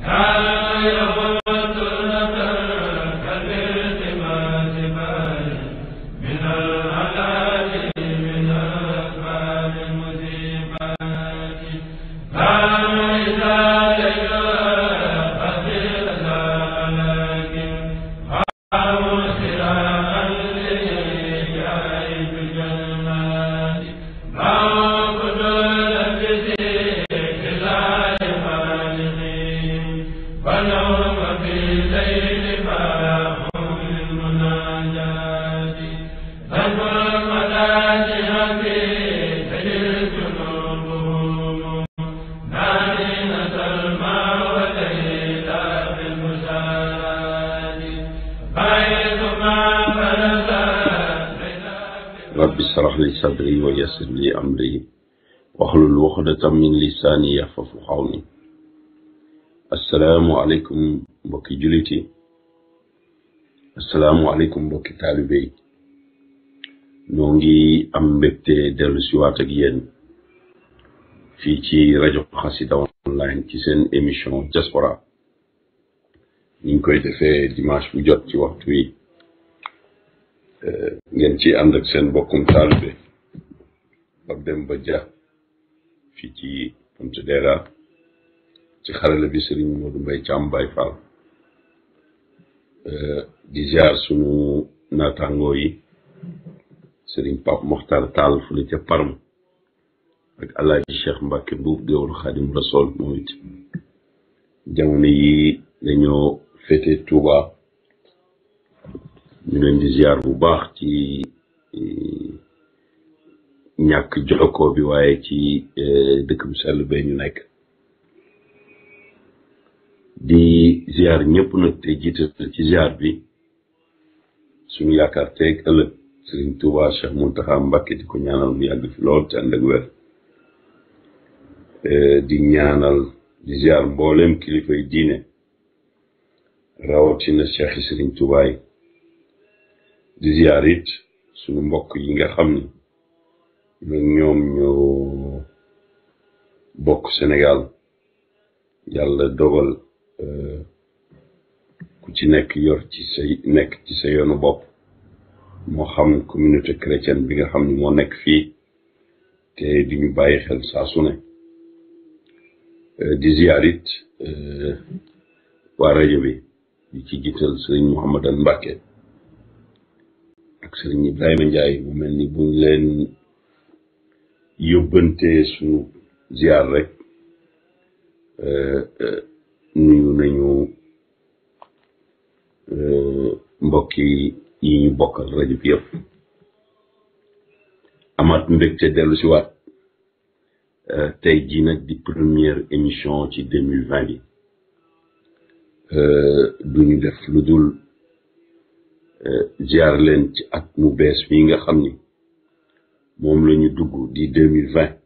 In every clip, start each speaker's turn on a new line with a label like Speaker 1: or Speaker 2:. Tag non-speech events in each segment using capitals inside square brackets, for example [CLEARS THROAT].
Speaker 1: Hallelujah.
Speaker 2: اشرح لي صدري ويسر لي امري واحلل عقدة من لساني يفقه قولي السلام عليكم بوكي جليتي السلام عليكم بوكي طالبي نونغي ام بيتي دلو سيوات اكيان في تي راديو خاصي اونلاين تي سين ايميشن جاسبورا نينكوي ديفي ديماش بو جوت تي وقت وي ngeen ci ànd ak seen bokkum taalibe ak dem ba ja fii ci Pontedera ci xarala bi sëriñ Modou Mbaye Thiam Baye Fall euh, di ziar sunu naataangoo yi sëriñ Pape Mokhtar Tall fu la ca Parm ak alaaji Cheikh Mbacke Mbuub géwul Xaadim Rasool moom it jamono yi dañoo féete Touba ñu leen di ziar bu baax ci e, ñàkk jokkoo bi waaye ci e, dëkk dëkkam sell bee ñu nekk di ziar ñëpp nag te jiital ci ziar bi suñu yaakaar teeg ëllëg sëriñ Tuuba Cheikh Muntaxa Mbàkke di ko ñaanal mu yàgg fi lool te ànd ak wér e, di ñaanal di ziar mbooleem kilifa diine rawatina Cheikh yi sëriñ Tuuba yi di ziar it suñu mbokk yi nga xam ni ñoom ñoo bokk Sénégal yàlla dogal euh, ku ci nekk yor ci say nekk ci say yoonu bopp moo xam communauté chrétienne bi nga xam ni moo nekk fii te di ñu bàyyi xel saa su ne euh, di ziar it euh, waa rajo bi di ci jiital sëriñ Mouhamadou Mbacke sëriñ Ibrahima Ndiaye mu mel ni buñ leen yóbbantee suñu ziar rek euh, euh, nuyu nañu euh, mbokki yi ñu bokkal rajo bi yëpp amaat mbégte dellu si waat tey jii nag di première émission ci deux mille vingt bi def lu dul Euh, ziar leen ci at mu bees mi nga xam ni moom lañu dugg di doonte mille vingt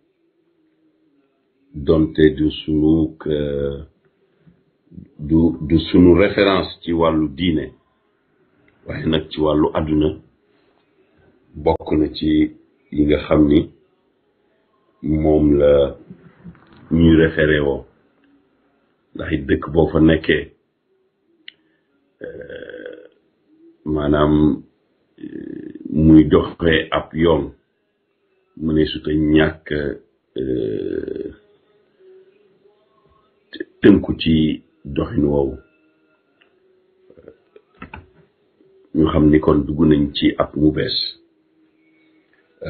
Speaker 2: donte du sunu euh, du sunu référence ci wàllu diine waaye nag ci wàllu àdduna bokk na ci yi nga xam ni moom la ñuy référé woo ndax dëkk boo fa nekkee. Euh, maanaam eh, muy doxe ab yoon mu ne suta ñàkk eh, tënku ci doxin woowu ñu xam ni kon dugg nañ ci at mu bees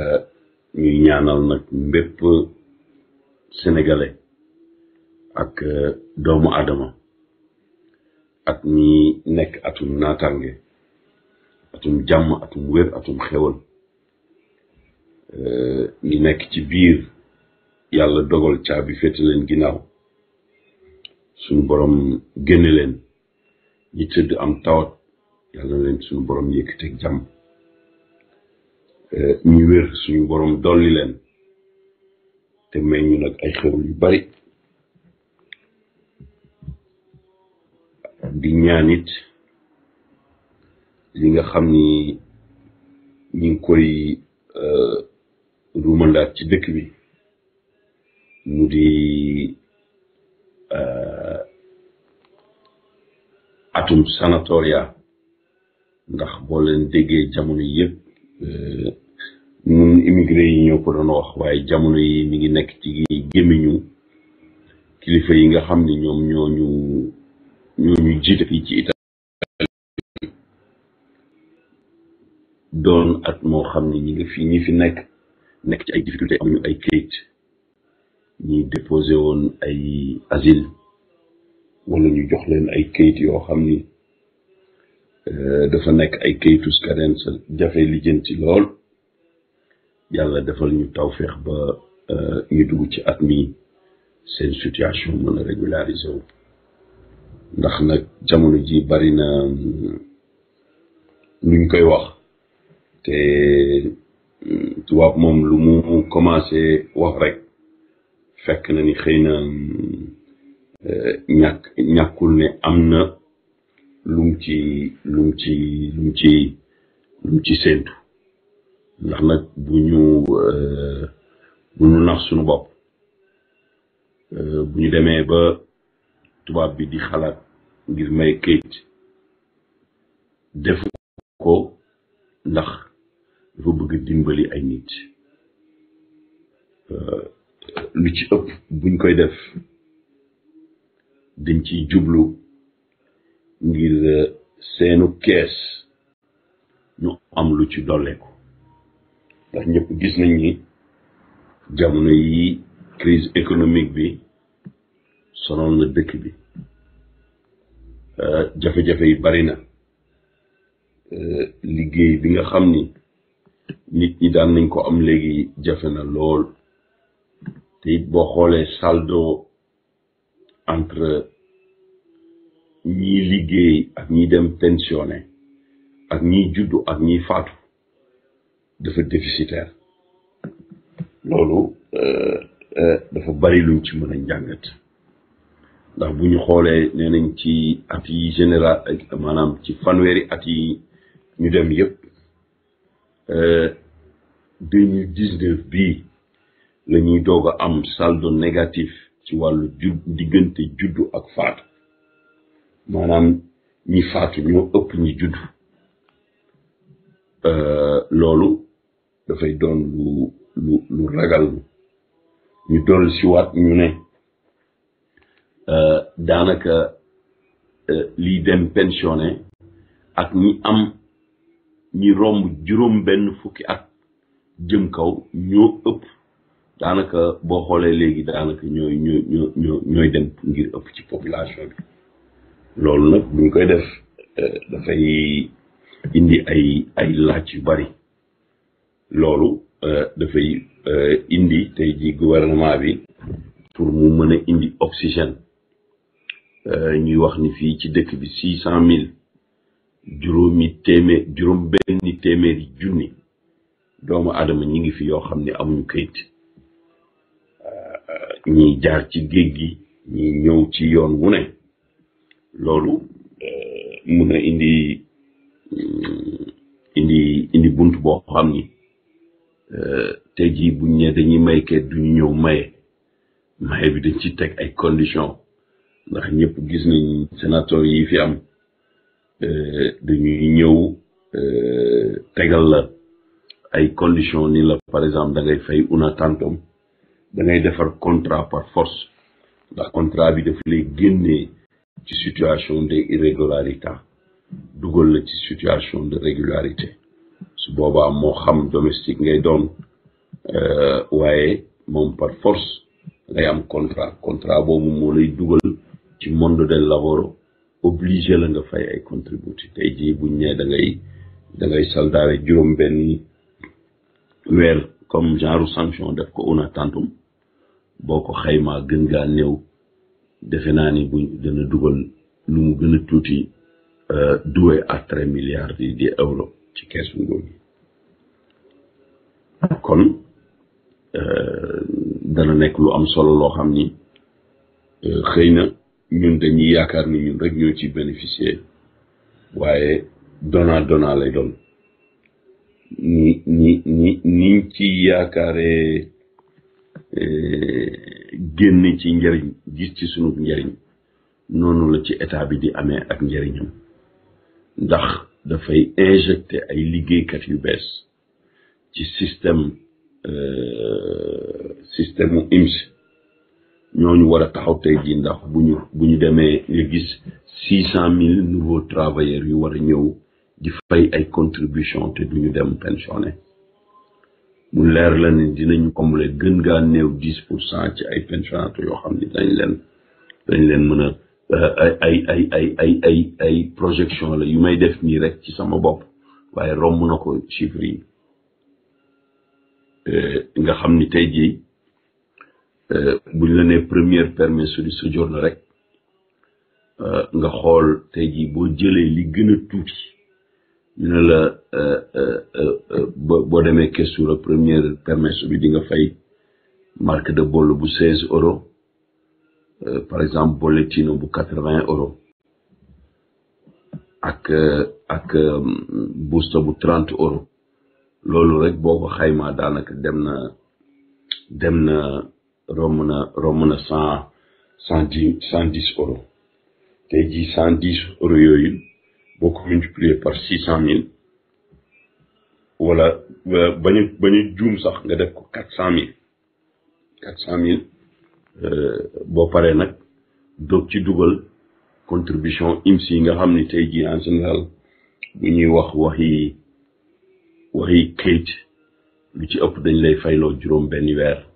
Speaker 2: eh, ñuy ñaanal nag mbépp sénégalais ak doomu adama ak mi nekk atum naataange atum jàmm atum wér atum xewal euh, ñi nekk ci biir yàlla dogal caabi féete leen ginnaaw suñu borom génne leen ñi tëdd am tawat yàlla leen suñu borom yëkkateeg jàmm euh, ñu wér suñu borom dolli leen te may ñu nag ay xewal yu bari di ñaan li nga xam ni ñu ngi koy euh, ruumandaat ci dëkk bi mu di euh, atum sanatoria ndax boo leen déggee jamono yëpp euh, ñun immigré yi ñoo ko doon wax waaye jamono yi mi ngi nekk ci gémmiñu kilifa yi nga xam ni ñoom ñoo ñu ñoo ñu jiite doon at moo xam ne ñi ngi fi ñi fi nekk nekk ci ay difficulté amuñu ay kayit ñi déposé woon ay asile wala ñu jox leen ay kayit yoo xam ni euh, dafa nekk ay kayitu scaren sa jafe lijjanti lool yàlla defal ñu tawféex ba euh, ñu dugg ci at mi seen situation mën a régulariser wu ndax nag jamono ji bari na luñ mm, koy wax te mm, tubaab moom lu mu commencé wax rek fekk na ni xëy na mm, eh, ñàkk ñàkkul ne am na lum ci lum ci lum ci lum ci séntu ndax nag bu ñu eh, bu ñu nax suñu bopp eh, bu ñu demee ba tubaab bi di xalaat ngir may këyit def ko ndax dafa bëgg dimbali ay nit euh, lu ci ëpp buñ koy def dañ ciy jublu ngir euh, seenu kees ñu am lu ci dolleeku ndax ñëpp gis nañ ni jamono yi crise économique bi sonal na dëkk bi euh, jafe-jafe yi bari na liggéey bi nga xam ni nit ñi daan nañ ko am léegi jafe na lool te it boo xoolee saldo entre ñi liggéey ak ñi dem pensionné ak ñi juddu ak ñi faatu dafa déficitaire loolu euh, euh, dafa bari luñ ci mën a njàngat ndax bu ñu xoolee nee ci at yi général maanaam ci fanweeri at yi ñu dem yëpp Euh, deux mille dix neuf bii la ñuy doog am saldo négatif ci wàllu ju diggante juddu ak faatu maanaam ñi faatu ñoo ëpp ñi juddu euh, loolu dafay doon lu lu ragal ñu dool si waat ñu ne euh, daanaka liy dem pensionné ak ñi am ñi romb juróom benn fukki at jëm kaw ñoo ëpp daanaka boo xoolee léegi daanaka ñooy ñooy ñooy ñooy dem ngir ëpp ci population bi loolu nag buñ koy def euh, dafay indi ay ay laaj yu bari loolu euh, dafay euh, indi tey ji gouvernement bi pour mu mën a indi oxygène ñuy wax ni fii ci dëkk bi six cent mille juróomi juróom benni téeméeri junni doomu aadama ñi ngi fi yoo xam ne amuñu kayit ñiy jaar ci géej gi ñiy ñëw ci yoon wu ne loolu mun a indi mm, indi indi bunt boo xam ni tey jii buñ ne dañuy may kayit duñu ñëw maye maye bi dañ ci teg ay condition ndax ñëpp gis nañ sénateur yi fi am Euh, dañuy ñëw euh, tegal la ay conditions ni la par exemple da ngay fay una tantum da ngay defar contrat par force ndax contrat bi daf lay génnee ci situation de irrégularité dugal la ci situation de régularité su boobaa moo xam domestique ngay doon euh, waaye moom par force ngay am contrat contrat boobu moo lay dugal ci monde del lavoro obligé la nga fay ay contributi tey jii buñ ne da ngay da ngay saldaare juróom benn weer comme genre sanction def ko una tantum boo ko xaymaa gën gaa néew defe naa ni buñ dana dugal lu mu gën a tuuti euh, doué à treize milliards yi di euro ci keesu nguur gi kon euh, dana nekk lu am solo loo xam ni euh, xëy na ñun dañuy yaakaar ni ñun rek ñoo ci bénéficier waaye dona dona lay doon ni ni ni niñ ci yaakaaree eh, génn ci njëriñ gis ci sunu njëriñ noonu la ci état bi di amee ak njëriñam ndax dafay injecté ay liggéeykat yu bees ci système euh, système mu IMSS ñooñu war a taxaw tey jii ndax bu ñu bu ñu demee nga gis six cent mille nouveaux travailleurs yu war a ñëw di fay ay contribution te ñu dem pensionné mu leer la ne dinañu combler gën gaa néew dix pour cent ci ay pensionnaires yoo xam ni dañ leen dañ leen mën a ay ay ay ay ay ay projection la yu may def nii rek ci sama bopp waaye romb na ko chiffre yi eh, nga xam ni tey jii Euh, buñ la nee première permesso di soggiorno rek euh, nga xool tey jii boo jëlee li gën tuuti ñu ne la euh, boo demee questura première permesso bi di nga fay marque de bollo bu seize euro par exemple bollettino bu quatre vingt euro ak ak busta bu trente euro loolu rek boo ko xaymaa daanaka dem na dem na romb na a na cent cent dix cent dix euros tey jii cent dix euros yooyu boo ko multiplier par six cent mille wala bañu bañu juum sax nga def ko quatre cent mille quatre cent mille euh, boo paree nag doog ci dugal contribution IMSS yi nga xam ni tey ji en général bu ñuy wax waxi waxi kayit lu ci ëpp dañ lay fayloo juróom benn weer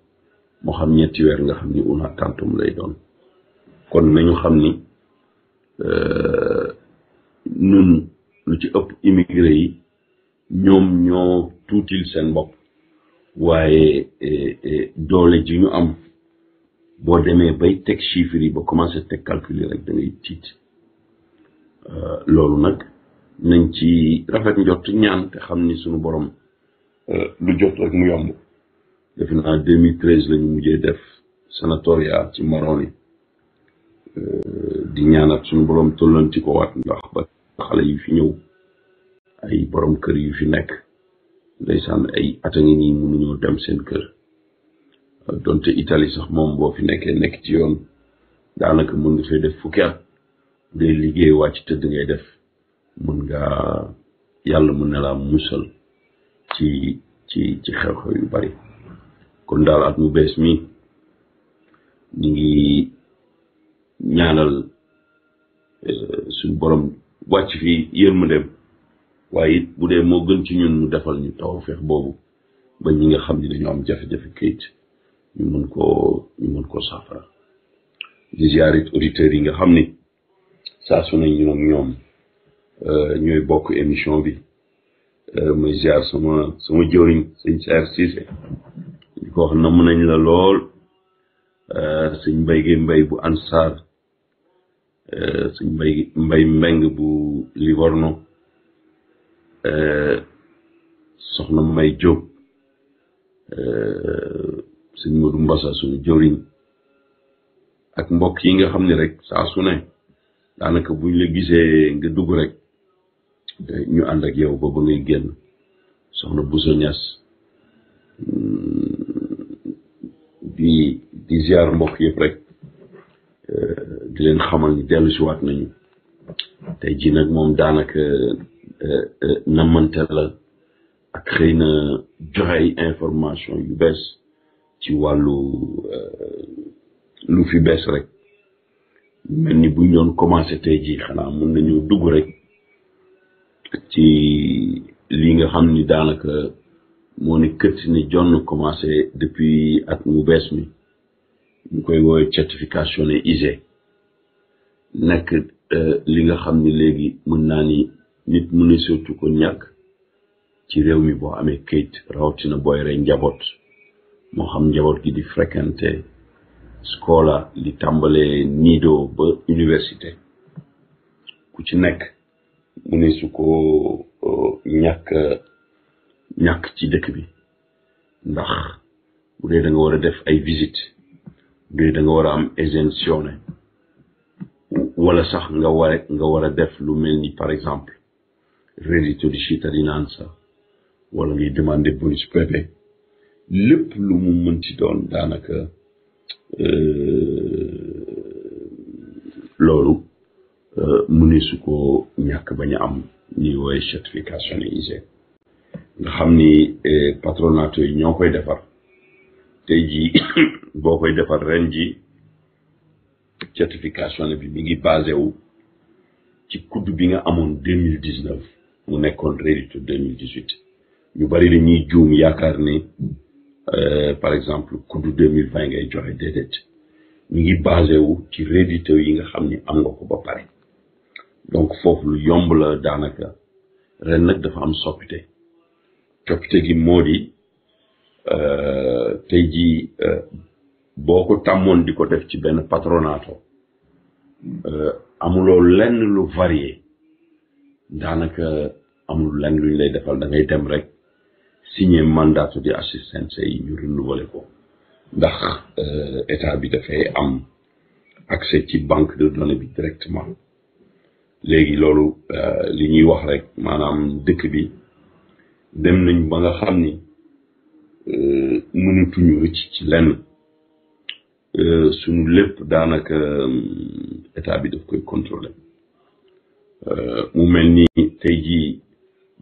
Speaker 2: moo xam ñetti weer nga xam ni una tantum lay doon kon nañu xam ni euh, nun lu ci ëpp immigré yi ñoom ñoo tuutil seen bopp waaye e, e, doole ji ñu am boo demee bay teg chiffres yi ba commencé teg calcul yi rek da tiit euh, loolu nag nañ ci rafet njort ñaan te xam ni suñu borom euh, lu jot rek mu yomb defe naa 2013 la lañu mujjee def sanatoria ci Moroni di ñaanat suñu borom tollanti ko waat ndax ba xale yu fi ñëw ay borom kër yu fi nekk lay ndeysaan ay ata a ngi nii dem seen kër donte itali sax moom boo fi nekkee nekk ci yoon daanaka mën nga fay def fukki at day liggéey wàcc tëdd ngay def mën nga yàlla mën na laa musal ci ci ci xew-xew yu bari kon daal at mu bees mi ñu ngi ñaanal euh, suñu borom wàcc fi dem waaye bu dee moo gën ci ñun mu defal ñu tawfeex boobu ba ñi nga xam ni dañu am jafe-jafe kayit ñu mën koo ñu mën koo saafara di ziar it auditeurs yi nga xam ni saa su ne ñun ak ñoom euh, ñooy bokk émission bi. Euh, muy ziar sama sama jëwriñ sëñ Saar Siise di ko wax ñu nañ la lool euh, sëñ mbay gi mbay bu ansaar euh, sëñ mbay mbay mbeng bu Livorno soxna may Jóob sëñ Modu Mbasa suñu jëwriñ ak mbokk yi nga xam ni rek saa su ne daanaka buñ la gisee nga dugg rek ñu ànd ak yow ba ba ngay génn soxna Bousso Niass mm, di di ziar mbokk yëpp rek euh, di leen xamal ni dellu si waat nañu tey jii nag moom daanaka euh, euh, nammante la ak xëy na joxe information yu bees ci wàllu lu fi bees rek mel ni buñ doon commencé tey jii xanaa mun nañu dugg rek ci lii nga xam ni daanaka moo ne kët ni jonn commencé depuis at mu bees mi ñu koy woowee certification ne ISE nekk euh, li nga xam ni léegi mën naa ni nit mu ne surtout ko ñàkk ci réew mi boo amee kayit rawatina booy rey njaboot moo xam njaboot gi di fréquenté scola li tàmbalee nido ba université ku ci nekk mu ne su ko ñàkk ci dëkk bi ndax bu dee da nga war a def ay visit bu dee da war a am exemption wala sax nga war nga war a def lu mel ni par exemple reddito di cittadinanza wala ngay demander bonus PP lépp lu mu mënti doon daanaka euh, loolu Euh, mu ne su ko ñàkk bañ am ñuy wooye certification ne ISEC nga xam ni euh, patronat yooyu ñoo koy defar tey ji [COUGHS] boo koy defar ren ji certification bi mi ngi basé wu ci kudd bi nga amoon deux mille mu nekkoon réditu deux mille dix huit ñu bari dañuy juum yaakaar ni euh, par exemple kudd deux mille vingt ngay joxe déedéet mu ngi basé wu ci rédito yi nga xam ni am nga ko ba pare donc foofu lu yomb la daanaka ren nag dafa am soppite coppite gi moo di euh, tey jii euh, boo ko tàmmoon di ko def ci benn patronato euh, amuloo lenn lu varié daanaka amul lenn lu ñu lay defal da ngay dem rek signé mandat di assistance yi ñu renouveler ko ndax état bi dafay am accès ci banque de données bi directement léegi loolu euh, li ñuy wax rek maanaam dëkk bi dem nañ ba nga xam ni euh, mënatuñu rëcc ci lenn euh, suñu lépp daanaka état bi daf koy contrôler mu mel ni tey jii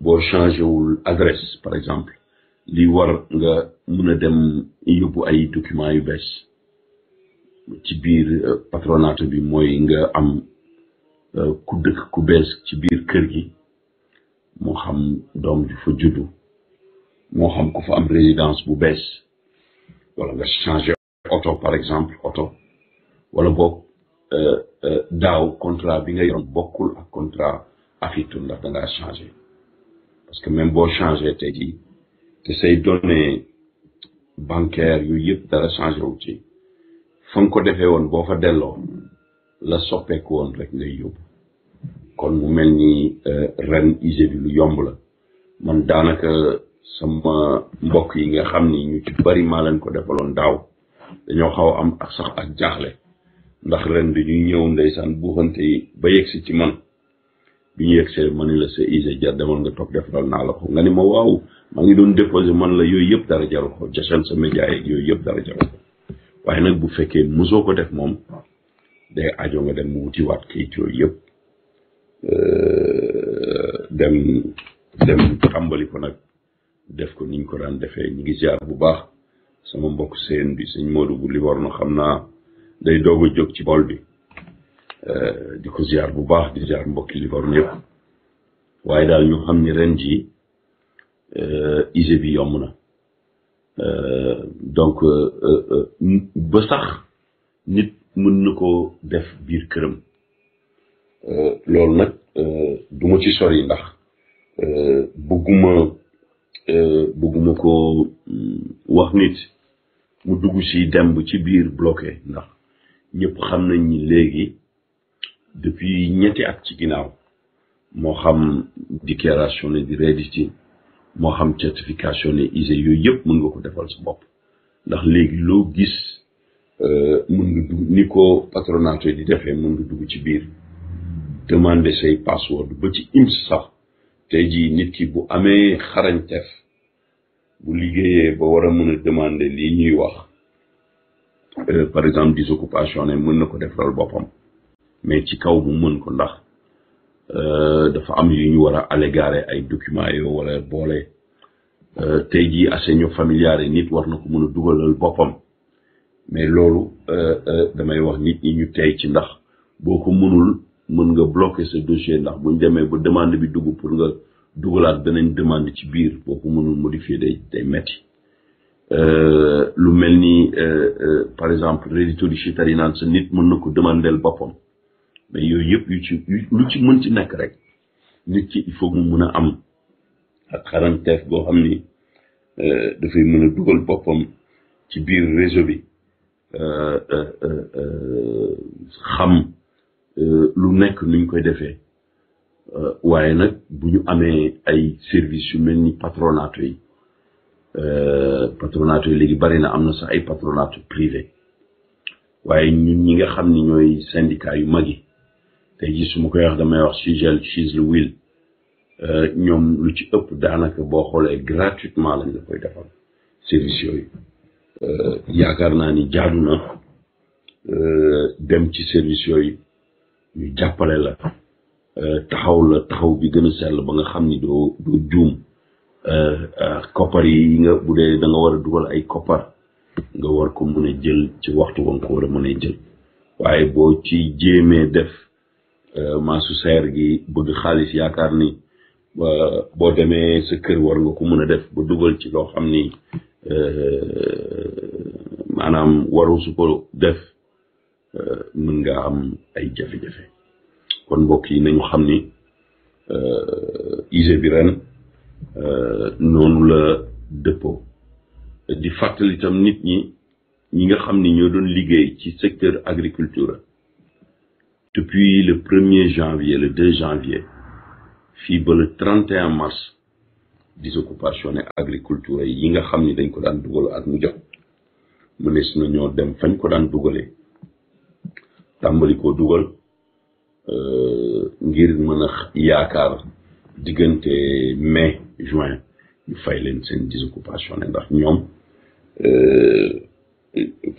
Speaker 2: boo changé wul adresse par exemple li war nga mën a dem yóbbu ay documents yu bees ci biir patronat bi mooy nga am Euh, ku dëkk ku bees ci biir kër gi moo xam doom ju fa juddu moo xam ku fa am résidence bu bees wala nga changer oto par exemple oto wala boog euh, euh, daaw contrat bi nga yoroon bokkul ak contrat afitu ndax da ngaa changé parce que même boo changé tey jii te say données bancaires yu yëpp dara changé wu ci fa nga ko defee woon boo fa delloo la soppeeku woon rek ngay yóbbu kon mu mel ni euh, ren use bi lu yomb la man daanaka sama mbokk yi nga xam ni ñu ci bari maa leen ko defaloon daaw dañoo xaw am ak sax ak jaaxle ndax ren bi ñuy ñëw ndeysaan buuxante yi ba yegsi ci man bi ñu yegsee ma ni la sa use jar demal nga toog defaral naa la ko nga ni ma waaw maa ngi doon déposé man la yooyu yëpp dara jaru ko jasen sa média yooyu yëpp dara jaru ko waaye nag bu fekkee mosoo ko def moom day ajo nga dem wutiwaat kayit yooyu yëpp euh, dem dem tàmbali ko nag def ko niñ ko daan defee ñu ngi ziar bu baax sama mbokk seen bi suñ Modou bu li war na xam naa day doog jóg ci bool bi euh, di ko ziar bu baax di ziar mbokki li war yëpp waaye daal ñu xam ni ren ji euh, ise bi yomb na donc ba sax nit mën na koo def biir këram euh, loolu nag euh, du ci sori ndax euh, bëgguma bëgguma ko wax nit mu dugg ci demb ci biir bloqué ndax ñëpp xam nañ ni léegi depuis ñetti at ci ginnaaw moo xam déclaration ne di réditi moo xam certification ne ISE yooyu yëpp mën nga ko defal sa bopp ndax léegi loo gis Euh, mun nga dugg ni ko patronat di defee mun nga dugg ci biir demander say password ba ci IMS sax tey ji nit ki bu amee xarañteef bu liggéeyee ba war a mën a demander lii ñuy wax euh, par exemple disoccupation ne mën na ko defaral boppam mais ci kaw mu mën ko ndax euh, dafa am yu ñu war a allégaré ay documents yoo wala te tey jii assegno familiare nit war na ko mun a dugalal boppam mais loolu euh, euh, damay wax nit ñi ñu tey ci ndax boo ko mënul mën nga bloquer ce dossier ndax buñ demee ba demande bi dugg pour nga dugalaat beneen demande ci biir boo ko mënul modifier day day metti euh, lu mel ni par exemple réditori yi naan sa nit mën na ko demandeel boppam mais yooyu yëpp yu ci lu ci mën ci nekk rek nit ci il faut mu mun a am ak xaranteef boo xam ni dafay mën a dugal boppam ci biir réseau bi xam euh, lu nekk nuñ koy defee euh, waaye nag bu ñu amee ay service yu mel ni patronato yi euh, patronato yi léegi bari na am na sax ay patronato privé waaye ñun ñi nga xam ni ñooy syndicat yu mag yi tey ji su ma koy wax damay wax sugel chise le wil ñoom lu ci ëpp daanaka boo xoolee gratuitement lañ la koy defal service yooyu Euh, yaakaar naa ni jaadu na euh, dem ci service yooyu ñu jàppale la euh, taxaw la taxaw bi gën a sell ba nga xam ni doo doo juum koppar yi nga bu dee da nga war a dugal ay koppar nga war ko mën a jël ci waxtu ba nga ko war a mën a jël waaye boo ci jéemee def maasu seer gi bëgg xaalis yaakaar ni boo demee sa kër war nga ko mën a def ba dugal ci loo xam ni Euh, manam waru suko def euh mën nga am ay jafé jafé kon mbokk yi nañu xamni euh isé bi euh nonu la depo di fatali tam nit secteur agriculture depuis le 1er janvier le 2 janvier fi le 31 mars disoccupation agriculture yi nga xam ni dañ ko daan dugal ak mu jox mënees na ñoo dem fañ ko daan dugalee tàmbali koo dugal euh, ngir mën a yaakaar diggante mai juin ñu fay leen seen disoccupation ne ndax ñoom euh,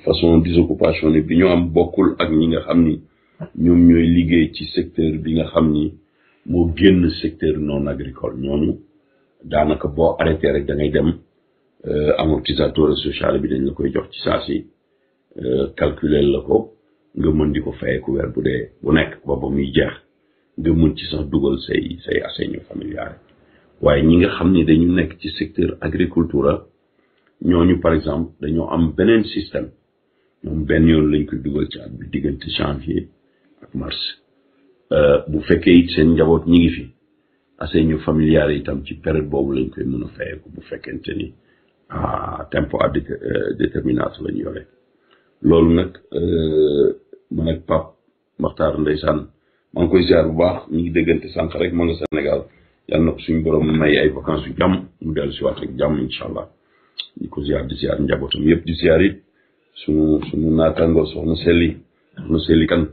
Speaker 2: façon disoccupation ne bi ñoo am bokkul ak ñi nga xam ni ñoom ñooy liggéey ci secteur bi nga xam ni moo génn secteur non agricole ñooñu daanaka boo arrêté rek da ngay dem euh, amortisateur social bi dañ la koy jox ci saa si euh, calculer la ko nga mën di ko fayeeku weer bu dee bu nekk ba ba muy jeex nga mën ci sax dugal say say assainissement familial waaye ñi nga xam ni dañu nekk ci secteur agriculture ñooñu par exemple dañoo am beneen système ñoom benn yoon lañ koy dugal ci at bi diggante janvier ak mars euh, bu fekkee it seen njaboot ñi ngi fi assegno yi tam ci période boobu lañ koy mun a fayeeku bu fekkente ni a tempo à euh, détermination lañ yore loolu nag euh, man ak Pape Makhtar ndeysaan maa ngi koy ziar bu baax ñu ngi déggante sànq rek ma nga Sénégal yàlla na ko suñu borom may ay vacances yu jàmm mu dellu si waat rek jàmm allah di ko ziar di ziar njabootam yëpp di ziar it suñu suñu naataangoo soxna Selli soxna Selli kan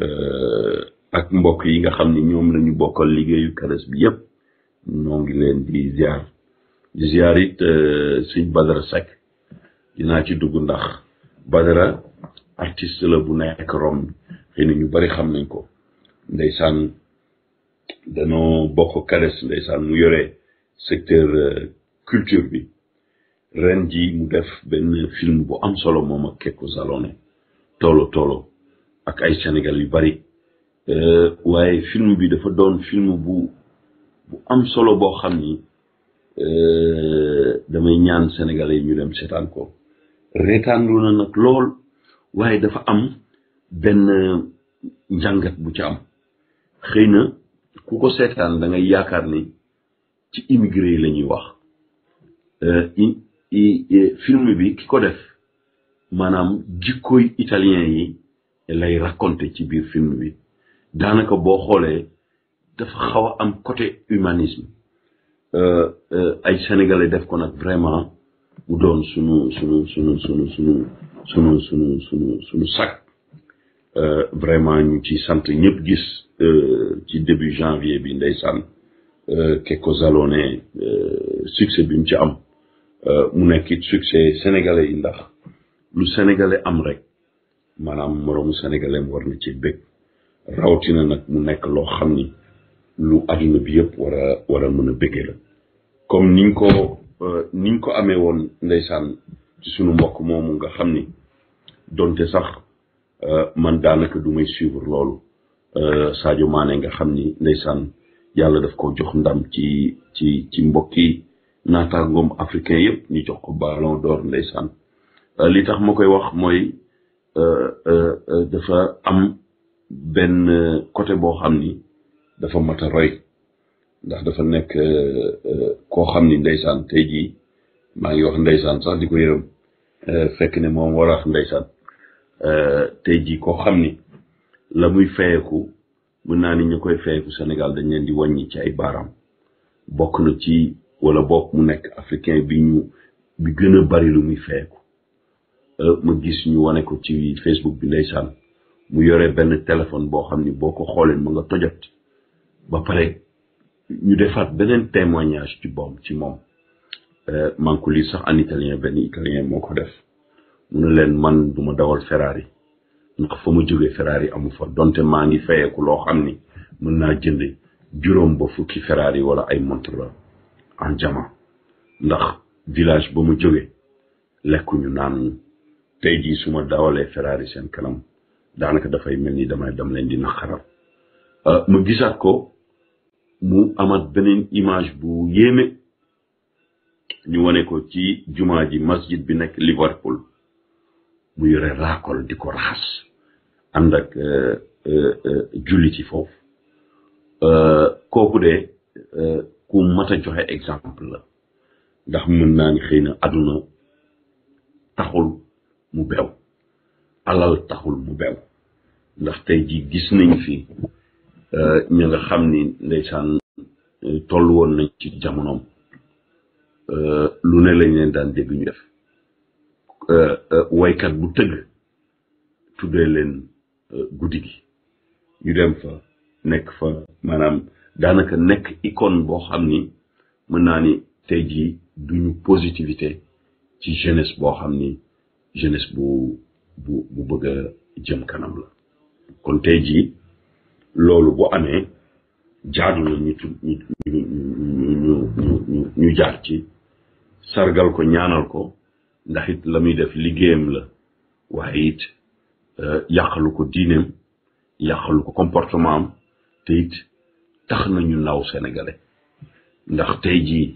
Speaker 2: euh, ak mbokk yi nga xam ni ñoom lañu bokkal liggéeyu kares bi yëpp ñoo ngi leen di ziar di ziar it euh, sëñ Badara Seck dinaa ci dugg ndax Badara artiste la bu nekk Rome xëy ñu bari xam nañ ko ndeysaan danoo bokk kares ndeysaan mu yore secteur euh, culture bi ren ji mu def benn film bu am solo moom ak Keko Zalone toolo toolo ak ay Sénégal yu bari Euh, waaye film bi dafa doon film bu bu am solo boo xam ni euh, damay ñaan sénégalais yi ñu dem seetaan ko reetaanlu na nag lool waaye dafa am benn njàngat bu ci am xëy na ku ko seetaan da yaakaar ni ci immigré yi lañuy wax euh, film bi ki ko def maanaam jikkooy italien yi lay raconté ci biir film bi daanaka bo xolé dafa xawa am côté humanisme euh euh ay sénégalais def ko nak vraiment mu doon sunu sunu sunu sunu sunu sunu sunu sunu sunu euh vraiment ñu ci sante ñëpp gis euh ci début janvier bi ndeysaan euh, Keko Zalone euh, succès bi mu ci am euh mu nekk succès sénégalais yi ndax lu sénégalais am rek manam morom sénégalais war na ci bëgg rawatina nag mu nekk loo xam ni lu adduna bi yëpp war a war a mën a bëggee la comme niñ ko euh, niñ ko amee woon ndeysaan ci sunu mbokk moomu nga xam ni donte sax euh, man daanaka du may suivre loolu euh, Sadio Mané nga xam ni ndeysaan yàlla daf ko jox ndam ci ci ci mbokki naataangoom africain yëpp ñu jox ko ballon d'or ndeysaan li tax ma koy wax mooy dafa am benn côté boo xam ni dafa mat roy ndax dafa nekk euh, koo xam ni ndeysaan tey ji maa ngi wax ndeysaan sax di ko yërëm euh, fekk ne moom warax ndeysaan euh, tey jii koo xam ni la muy fayeku mën naa ni ñu koy fayeku senegal dañ leen di wàññi ci ay baaram bokk na ci wala bokk mu nekk africain bi ñu bi gën bari lu muy fayeku ma gis ñu wane ko ci Facebook bi ndeysaan mu yore benn téléphone boo xam ni boo ko xoolee mu nga tojot ba pare ñu defaat beneen témoignage ci boom ci moom euh, maa ngi ko lii sax en italien benn italien moo ko def mu ne leen man du ma dawal Ferrari ndax fa ma jógee Ferrari amu fa donte maa ngi fayeeku loo xam ni mën naa jënd juróom ba fukki Ferrari wala ay montre en diamant ndax village ba ma jógee lekkuñu naanuñu tey jii su ma dawalee Ferrari seen kanam daanaka dafay mel ni damay dam leen di naqaral ma gisaat ko mu amaat beneen image bu yéeme ñu wane ko ci jumaa ji masjid bi nekk Liverpool mu yore raakol di ko raxas ànd ak julli ci foofu kooku de ku mat a joxe exemple la ndax mën naa ni xëy na àdduna taxul mu bew alal taxul mu bew ndax tey ji gis nañ fi euh, ñu nga xam ni ndeysaan euh, toll woon nañ ci jamonoom euh, lu ne lañ leen daan dégg ñu def waykat bu tëgg tuddee leen guddi gi ñu dem fa nekk fa maanaam daanaka nekk icône boo xam ni mën naa ni tey jii duñu positivité ci jeunesse boo xam ni jeunesse bu bu bu jëm kanam la kon tey jii loolu bu amee jaadu na ñu ñu jaar ci sargal ko ñaanal ko ndax it la muy def liggéeyam la waaye it euh, yàqalu ko diineem yàqalu ko comportement am te it tax nañu naw sénégalais ndax tey jii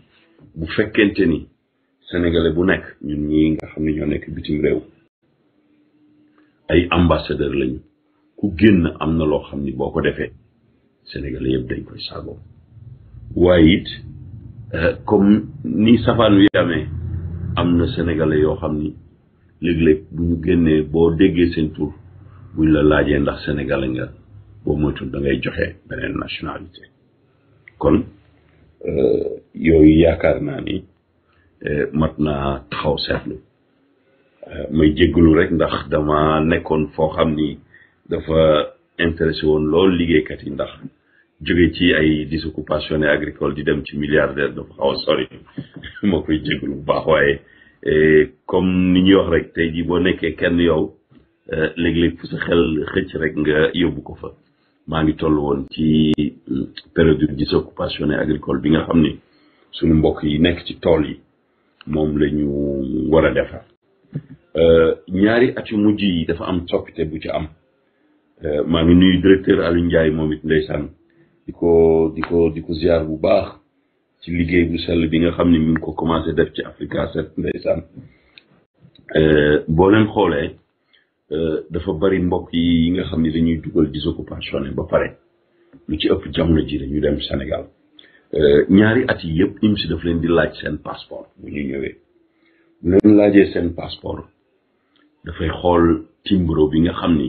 Speaker 2: bu fekkente ni senegale bu nekk ñun ñi nga xam ne ñoo nekk bitim réew ay ambassadeur lañu ku génn am na loo xam ni boo ko defee Sénégal yëpp dañ koy saagoo waaye it euh, comme ni safaan wi amee am na sénégalais yoo xam ni léeg-léeg bu ñu génnee boo déggee seen tur buñ la laajee ndax sénégalais nga boo moytul dangay joxe beneen nationalité kon euh, yooyu yaakaar naa ni euh, mat naa taxaw seetlu may jéggalu rek ndax dama nekkoon foo xam ni dafa intéressé woon loolu liggéeykat yi ndax jóge ci ay disoccupation agricole di dem ci milliardaire dafa xaw a sori [LAUGHS] moo koy jéglu bu baax waaye eh, comme ni ñuy wax rek tey jii boo nekkee kenn yow eh, léeg-léeg fu sa xel xëcc rek nga yóbbu ko fa maa ngi toll woon ci mm, période de disoccupation agricole bi nga xam ni suñu mbokk yi nekk ci tool yi moom la ñu war a defar eh, ñaari at yu mujj yi dafa am soppite bu ci am Eh, maa ngi nuyu directeur Aliou Ndiaye moom it ndeysaan di ko di ko di ko ziar bu baax ci liggéey bu sell bi nga xam ni mi ko commencé def ci Africa 7 ndeysaan eh, boo leen xoolee eh, dafa bari mbokk yi nga xam ni dañuy dugal disoccupation ba pare lu ci ëpp jamono ji dañu dem Sénégal ñaari at yi yëpp IMSI daf leen di laaj seen passeport bu ñu ñëwee bu leen laajee seen passeport dafay xool timbro bi nga xam ni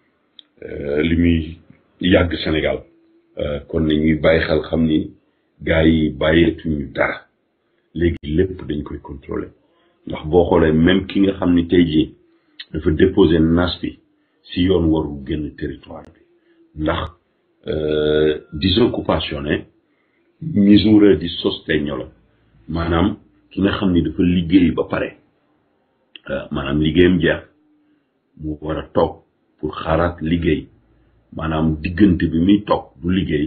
Speaker 2: Euh, li muy yàgg Sénégal euh, kon na ñuy bàyyi xel xam ni gars yi bàyyeetuñu dara léegi lépp dañ koy contrôlé ndax boo xoolee même ki nga xam ni tey jii dafa déposé nas bi si yoon warul génn territoire bi ndax euh, disoccupatione misure di sostegno la maanaam ki nga xam ni dafa liggéey ba pare maanaam liggéeyam jeex mu war a toog pour xaaraat liggéey maanaam diggante bi muy toog du liggéey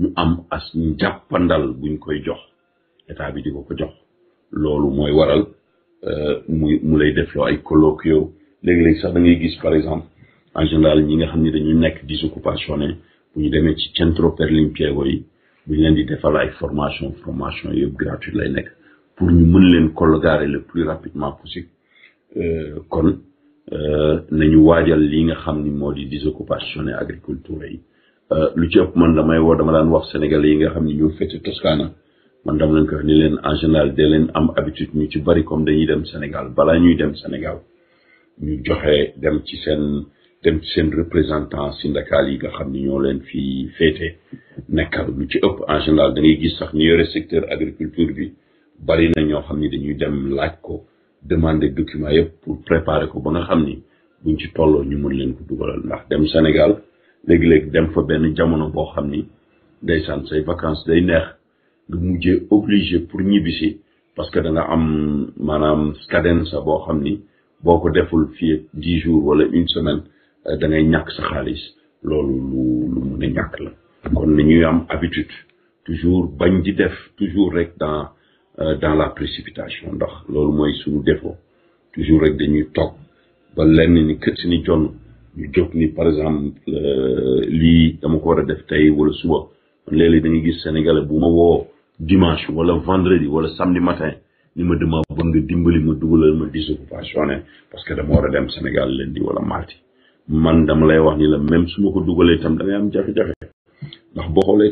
Speaker 2: ñu am as njàppandal buñ koy jox état bi di ko ko jox loolu mooy waral euh, muy mu lay defloo ay colloque yow léegi-léegi sax da ngay gis par exemple en général ñi nga xam ne dañu nekk désoccupationné bu ñu demee ci centro per l'impiego yi bu ñu leen di defal ay formation formation yëpp gratuite lay nekk pour ñu mën leen colloquer le plus rapidement possible euh, kon Euh, nañu waajal li nga xam ni moo di disoccupation agriculture yi euh, lu ci ëpp man damay woo dama daan wax sénégalais yi nga xam ni ñoo féete Toscana man dama leen ko wax ni leen en général leen am habitude ñu ci bari comme dañuy dem Sénégal balaa ñuy dem Sénégal ñu joxe dem ci seen dem ci seen représentant syndical yi nga xam ni ñoo leen fi féete nekkal lu ci ëpp en général da ngay gis sax ni yore secteur agriculture bi bari na ñoo xam ni dañuy dem laaj ko. demander document yëpp pour préparer ko ba nga xam ni buñ ci tolloo ñu mën leen ko dugalal ndax dem Sénégal léegi-léegi dem fa benn jamono boo xam ni day ndeysaan say vacances day neex nga mujjee obligé pour ñibbi si parce que da nga am maanaam cadence sa boo xam ni boo ko deful fii dix jours wala une semaine euh, da ngay ñàkk sa xaalis loolu lu lu mun ñàkk la kon ni ñuy am habitude toujours bañ di def toujours rek dans Euh, dans la précipitation ndax loolu mooy suñu défaut toujours rek dañuy toog ba lenn ni kër si ni jonn ñu jóg par exemple euh, lii dama ko war a def tey wala suba man léeg-léeg da gis sénégalais bu ma woo dimanche wala vendredi wala samedi matin ni ma dama bëgg nga dimbali ma dugalal ma disoccupation ne parce que dama war a dem Sénégal lundi wala mardi man dama lay wax ni la même su ma ko dugalee itam da ngay am jafe-jafe ndax boo xoolee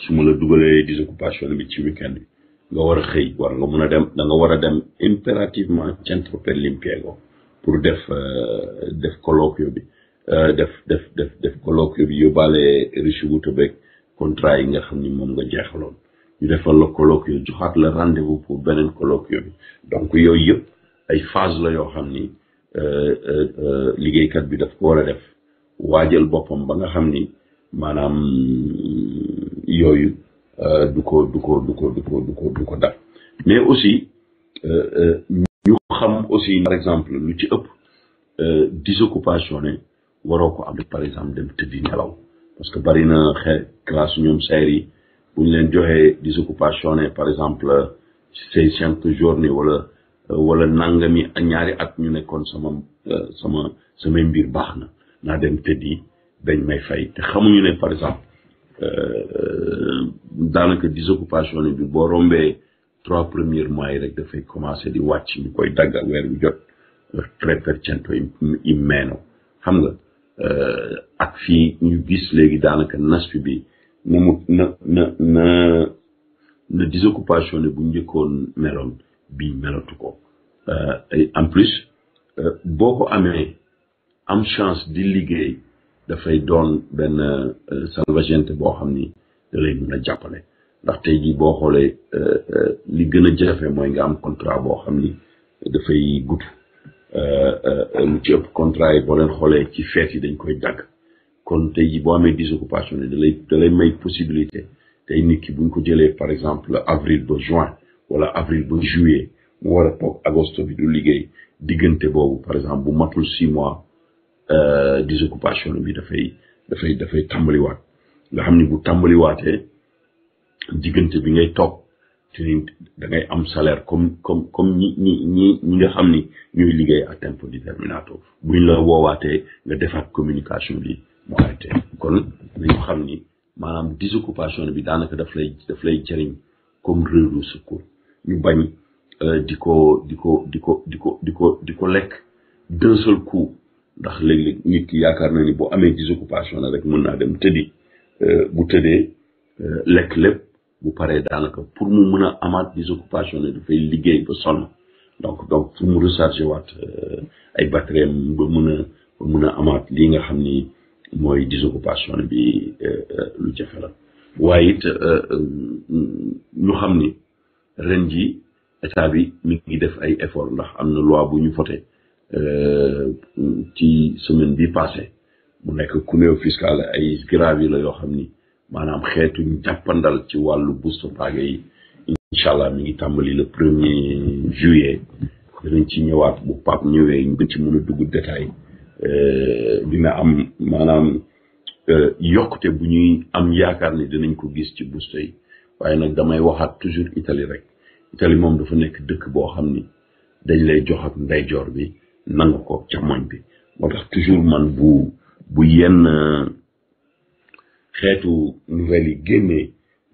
Speaker 2: su ma la dugalee disoccupation bi ci weekend bi nga war a xëy war nga mun a dem da nga war a dem impérativement centro per l'impiego pour def euh, def colloquio bi euh, def def def def colloquio bi yóbbaale richibuta beeg contrat yi nga xam ni moom nga jeexaloon ñu defal la colloquio joxaat la rendez pour beneen colloquio bi donc yooyu yëpp ay phase la yoo xam ni euh, liggéeykat bi daf ko war a def waajal boppam ba nga xam ni maanaam mm, yooyu euh, du ko du ko du ko du ko du ko du ko dal mais aussi euh, euh, ñu xam aussi par exemple lu ci ëpp disoccupation ne waroo ko am par exemple dem tëddi nelaw parce que bari na xeet classe ñoom sayr yi bu ñu leen joxee disoccupation ne par exemple say cinq journée wala wala nangami ñaari at ñu nekkoon sama sama samay mbir baax na naa dem tëddi dañ may fay te xamuñu ne par exemple euh, euh, daanaka disoccupation ni bi boo rombee trois premiers mois yi rek dafay commencé di wàcc ñu koy dagg weer wu jot euh, très percento im meeno xam nga ak fii ñu gis léegi daanaka naspi bi na mu na na na na disoccupation ne bu njëkkoon meloon bii melatu ko en plus boo ko amee am chance di liggéey dafay doon benn euh, salvagente boo xam ni da lay mën a jàppale ndax tey jii boo xoolee euh, euh, li gën a jafe mooy nga am contrat boo xam ni dafay gudd lu ci ëpp contrat yi boo leen xoolee ci feet yi dañ koy dagg kon tey jii boo amee disoccupation ne da lay da lay may possibilité tey nit ki buñ ko jëlee par exemple avril ba juin wala avril ba juillet mu war a toog agosto bi du liggéey diggante boobu par exemple bu matul six mois Euh, disoccupation bi dafay dafay dafay tàmbaliwaat nga xam ni bu tàmbaliwaatee diggante bi ngay toog te ni da am salaire comme comme comme ñi ñi ñi ñi nga xam ni ñooy liggéey à tempo déterminato buñ la woowaatee nga defaat communication bi mu arrêté kon nañu xam ni maanaam disoccupation bi daanaka daf lay daf lay jëriñ comme réeru secours ñu bañ euh, di ko di ko di ko di ko di ko di ko lekk d'un seul coup ndax léegi léeg nit ki yaakaar na ni boo amee disoccupation la rek mën naa dem tëddi euh, bu tëddee euh, lekk lépp bu paree daanaka pour mu mun a amaat disoccupation ne dafay liggéey ba sonn donc donc pour mu recharger waat euh, ay batterie ba mën a ba mën a amaat lii nga xam ni mooy disoccupation bi lu jafe la waaye it ñu xam ni ren ji état bi mi ngi def ay effort ndax am na loi bu ñu voté Euh, ci semaine bi passé mu nekk kunéew fiscal ay grave la yoo xam ni maanaam xeetu jàppandal ci wàllu bourse paga yi incha allah mi ngi tàmbali le premier juillet dinañ ci ñëwaat bu pap ñëwee ñu ci mën a dugg détail euh, dina am maanaam euh, yokkute bu ñuy am yaakaar ni dinañ ko gis ci bourse yi waaye nag damay waxaat toujours Italie rek Italie moom dafa nekk dëkk boo xam ni dañ lay jox ak ndeyjoor bi nangu ko càmmoñ bi moo tax toujours man bu bu yenn euh, xeetu nouvelles yi génnee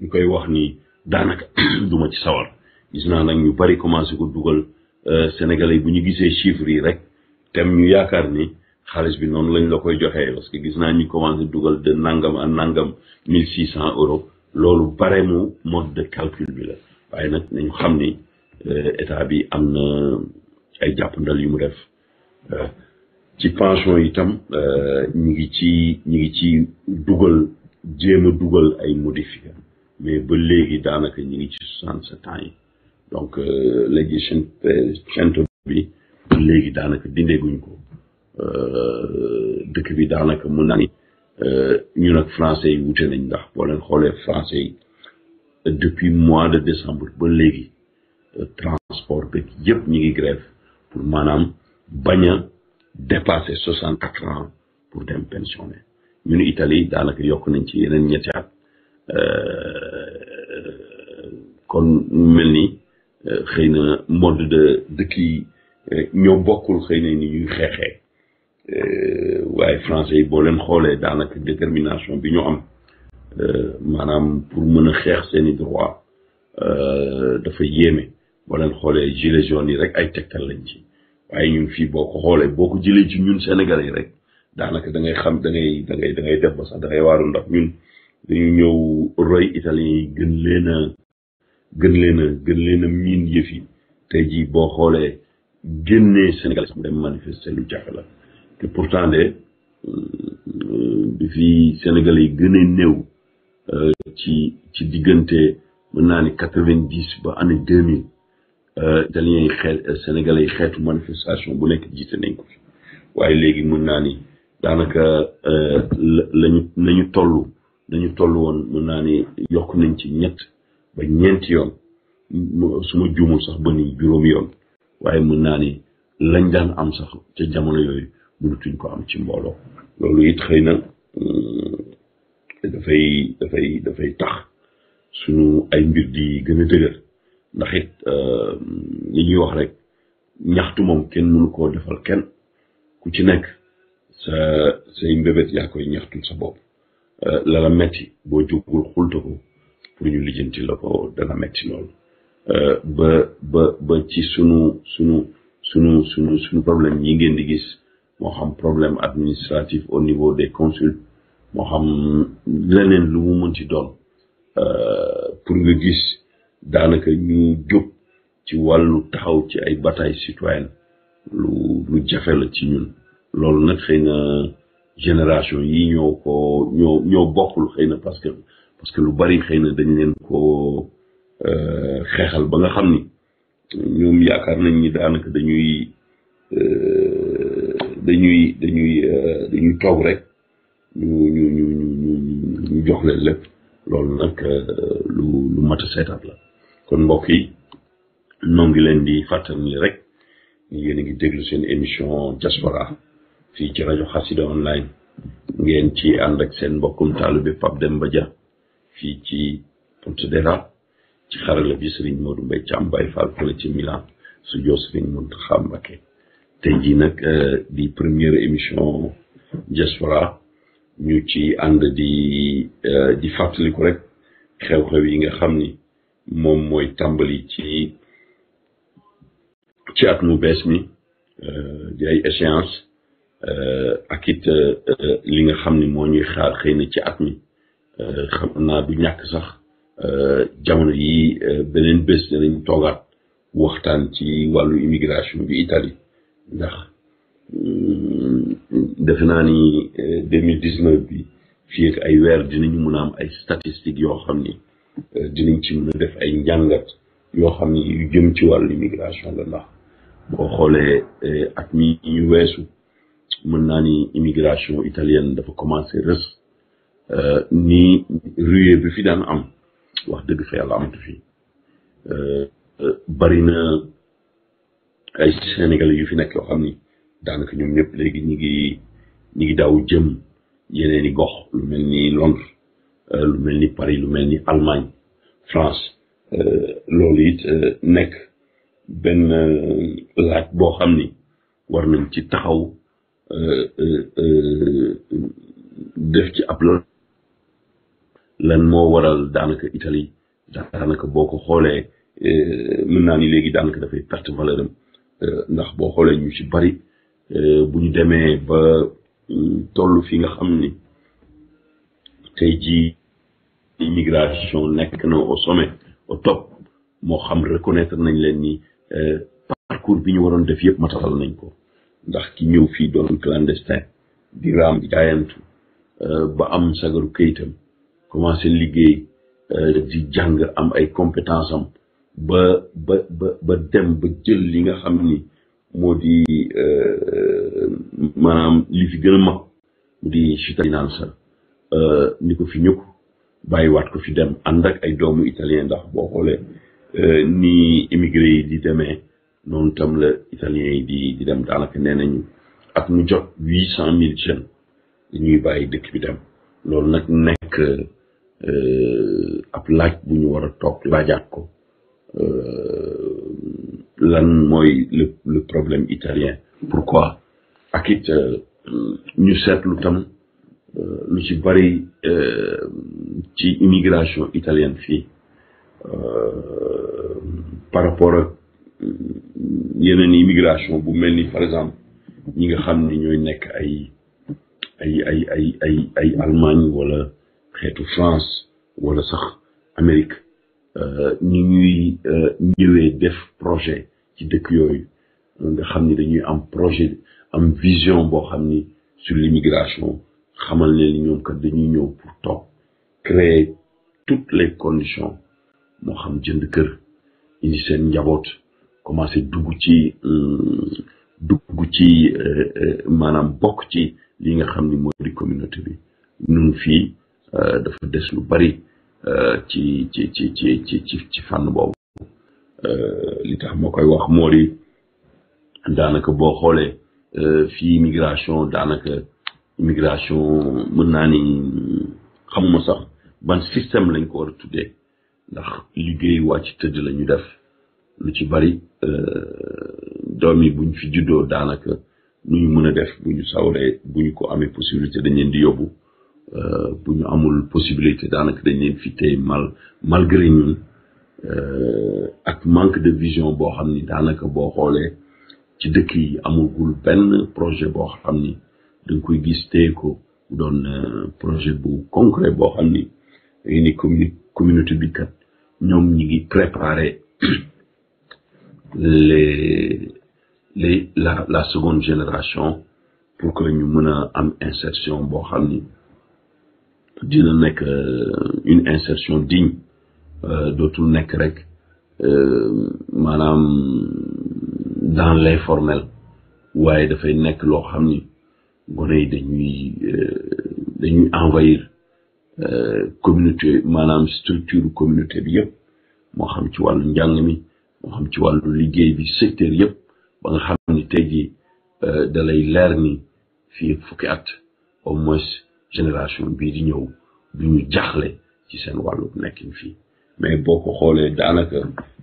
Speaker 2: ñu koy wax ni daanaka [CLEARS THROAT] duma ci sawar gis naa nag ñu bari commencé ko dugal euh, sénégalais bu ñu gisee chiffres yi rek tem ñu yaakaar ni xaalis bi noonu lañ la koy joxee parce que gis naa ñu commencé dugal de nangam à nangam mille six cent euros loolu bare mu mode de calcul bi la waaye nag nañu xam ni euh, état bi am na ay jàppandal yu mu def Euh, ci pension itam euh, ñu ngi ci ñu ngi ci dugal jéem dugal ay modifier mais ba léegi daanaka ñu ngi ci soixante sept ans yi donc euh, léegi cento bi ba léegi daanaka dindeeguñ ko dëkk bi daanaka mun naa ni ñu nag français yi wute nañ ndax boo leen xoolee français yi depuis mois de décembre ba léegi transport beeg yëpp ñu ngi grève pour maanaam bañ a dépasser soixante quatre ans pour dem pensionné ñu ni Italie daanaka yokk nañ ci yeneen ñetti at euh, kon mel ni euh, xëy na mode de dëkk yi euh, ñoo bokkul xëy na ni ñuy xeexee waaye français boo leen xoolee daanaka détermination bi ñu am maanaam pour mën a xeex seeni droit dafa yéeme boo leen xoolee ji jaunes yi rek ay tegtal lañ ci waaye ñun fii boo ko xoolee boo ko jëlee ci ñun Sénégalais yi rek daanaka da ngay xam da ngay da ngay ba sax da ngay waaru ndax ñun dañu ñëw roy italien yi gën leen a gën leen gën leen a miin yëf yi tey jii boo xoolee génnee Sénégalais sax mu dem manifester lu jafe la te pourtant de euh, bi fi Sénégalais yi gën a néew euh, ci ci diggante mën naa ni quatre-vingt-dix ba année deux mille italiens yi xeet sénégalais yi xeetu manifestation bu nekk jiite nañ ko fi waaye léegi mën naa ni daanaka lañu nañu toll nañu toll woon mën naa ni yokk nañ ci ñett ba ñeenti yoon suma juumul sax ba ni juróomi yoon waaye mën naa ni lañ daan am sax ca jamono yooyu mënatuñ ko am ci mbooloo loolu it xëy na dafay dafay dafay tax suñu ay mbir di gën a dëgër ndax it euh, li ñuy wax rek ñaxtu moom kenn mënu koo defal kenn ku ci nekk sa say mbébét yaa koy ñaxtul sa bopp lala euh, metti boo jógul xulta pour ñu lijjanti la ko dana metti loolu euh, ba ba ci sunu sunu sunu sunu sunu problème yi ngeen di gis moo xam problème administratif au niveau des consuls moo xam leneen lu mu mënti doon pour nga gis daanaka ñu jóg ci wàllu taxaw ci ay bataille citoyenne lu lu jafe la ci ñun loolu nag xëy na génération yi ñoo ko ñoo ñoo bokkul xëy na parce que parce que lu bari xëy na dañ leen ko euh, xeexal ba nga xam ni ñoom yaakaar nañ ni daanaka dañuy euh, dañuy dañuy euh, dañuy toog rek ñu ñu ñu ñu ñu jox leen lépp loolu nag lu lu seetaat la kon mbokk yi noo ngi leen di fàttali rek yéen a ngi déglu seen émission diaspora fii ci rajo xasida online ngeen ci ànd ak seen mbokkum taalibe Pape Demba Dia fii ci Pontedera ci xarala bi sëriñ Modou Mbaye Thiam Baye Fall ci Milan su joo sëriñ Mountakha Mbacké tey jii nag euh, di première émission diaspora ñu ci ànd di euh, di fàttaliku rek xew-xew yi nga xam ni moom mooy tàmbali ci ci at mu bees mi euh, di ay échéance euh, ak it euh, li nga xam ni moo ñuy xaar xëy na ci at mi xam naa du ñàkk sax jamono yi beneen bés danañ toogaat waxtaan ci wàllu immigration bi Italie ndax defe naa ni deux mille dix bi fii ak ay weer dinañu mun a am ay statistiques yoo xam ni Euh, dinañ ci mën a def ay njàngat yoo xam ni yu jëm ci wàllu immigration la boo xoolee euh, at mi ñu weesu mën naa ni immigration italienne dafa commencé rës euh, ni ruée bi fi daan am wax dëgg fa yàlla amatu fi bari na ay Sénégalais yu fi nekk yoo xam ni daanaka ñoom ñëpp léegi ñi ngi ñi ngi daaw jëm yeneen i gox lu mel ni Londres lu melni Paris lu melni Allemagne France loolu it nekk benn laaj boo xam ni war nañ ci taxaw def ci ab la lan moo waral daanaka Italie daanaka boo ko xoolee mën naa ni léegi daanaka dafay perte valeur ndax boo xoolee ñu ci bari bu ñu demee ba toll fi nga xam ni tey jii l'immigration nekk na au sommet au top moo xam reconnaître nañ leen ni euh, parcours bi ñu waroon def yëpp matalal nañ ko ndax ki ñëw fii doon clandestin di raam di jaayantu euh, ba am sagaru këyitam commencé liggéey euh, di jàng am ay compétence am ba ba ba dem ba jël li nga xam ni moo di maanaam li fi gën a di chita naan ni ko fi ñëkk bàyyiwaat ko fi dem ànd ak ay doomu italien ndax boo xoolee euh, ni immigré yi di demee noonu tam la italien yi di di dem daanaka nee nañu ak mu jot huit cent mille jeunes dañuy bàyyi dëkk bi dem loolu nag nekk euh, ab laaj bu ñu war a toog laajaat ko euh, lan mooy le le problème italien pourquoi ak it ñu seetlu tam lu ci bari ci immigration italienne fii euh, par rapport ak mm, yeneen immigration bu mel ni par exemple ñi nga xam ne ñooy nekk ay ay ay ay ay ay Allemagne wala xeetu France wala sax Amérique euh, ñi ñuy euh, ñëwee def projet ci dëkk yooyu nga xam ni dañuy am projet am vision boo xam ni sur l'immigration xamal ne ñoom dañuy ñëw pour créer toutes les conditions moo xam jënd kër indi seen njaboot commencé ci communauté bi euh, dafa lu bari euh, ci ci ci ci ci ci fànn boobu li immigration mën naa ni xamuma sax ban système lañ ko war a tuddee ndax liggéey wàcc tëdd lañu ñu def lu ci bari euh, doom yi buñ fi juddoo daanaka nu ñu mën a def bu ñu sawree ko amee possibilité dañ leen di yóbbu euh, bu ñu amul possibilité daanaka dañ leen fi tey mal malgré ñun euh, ak manque de vision boo xam ni daanaka boo xoolee ci dëkk yi amul gul benn projet boo xam ni da nga ko don projet bu concret boo xam ni dañuy ni commune communauté bi ñi ngi préparer [CLEARS THROAT] la la seconde génération pour que ñu mën am insertion boo xam ni dina nek euh, une insertion digne euh, dootul nek rek euh, madame dans l'informel waaye dafay fait nek lo ni. gone yi dañuy euh, dañuy envahir euh, communauté maanaam structure communauté bi yëpp moo xam ci wàllu njàng mi moo xam ci wàllu liggéey bi secteur yëpp ba nga xam ni tey ji euh, da lay leer ni fii fukki at au moins génération bii di ñëw du ñu jaaxle ci seen wàllu nekkin fii mais boo ko xoolee daanaka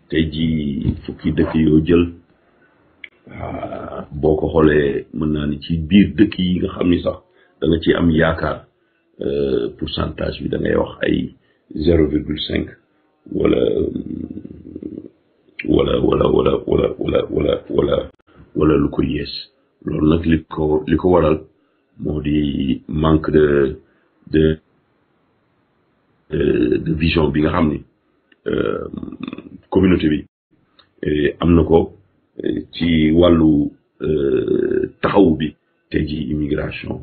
Speaker 2: tey jii fukki dëkk yoo jël Euh, boo ko xoolee mën naa ni ci biir dëkk yi nga xam ni sax da nga ci am yaakaar euh, pourcentage bi da ngay wax ay zéro virgule cinq wala euh, wala wala wala wala wala wala wala wala lu ko yées ko li ko waral moo di manque de de de vision bi nga xam ni communauté bi am na ko ci wàllu euh, taxaw bi tey jii immigration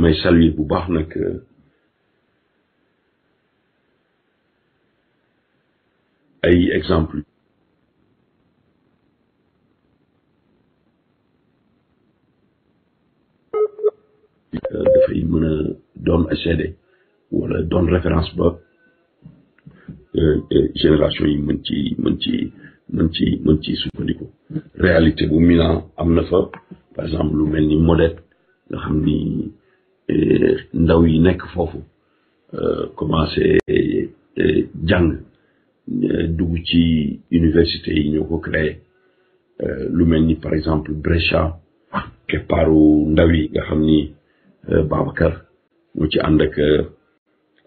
Speaker 2: may saluer bu baax nag euh, ay exemple dafay mën a doon seede wala doon référence ba euh, génération yi mën ci mën ci mën ci mën ci réalité bu Milan amna fa par exemple lu melni modèle. nga xamni euh ndaw yi fofu euh commencé eh, jang eh, dugg ci université yi ñoko a euh lu melni par exemple Brescia keppaaru ndaw yi nga xamni euh Babacar mu ci and ak euh,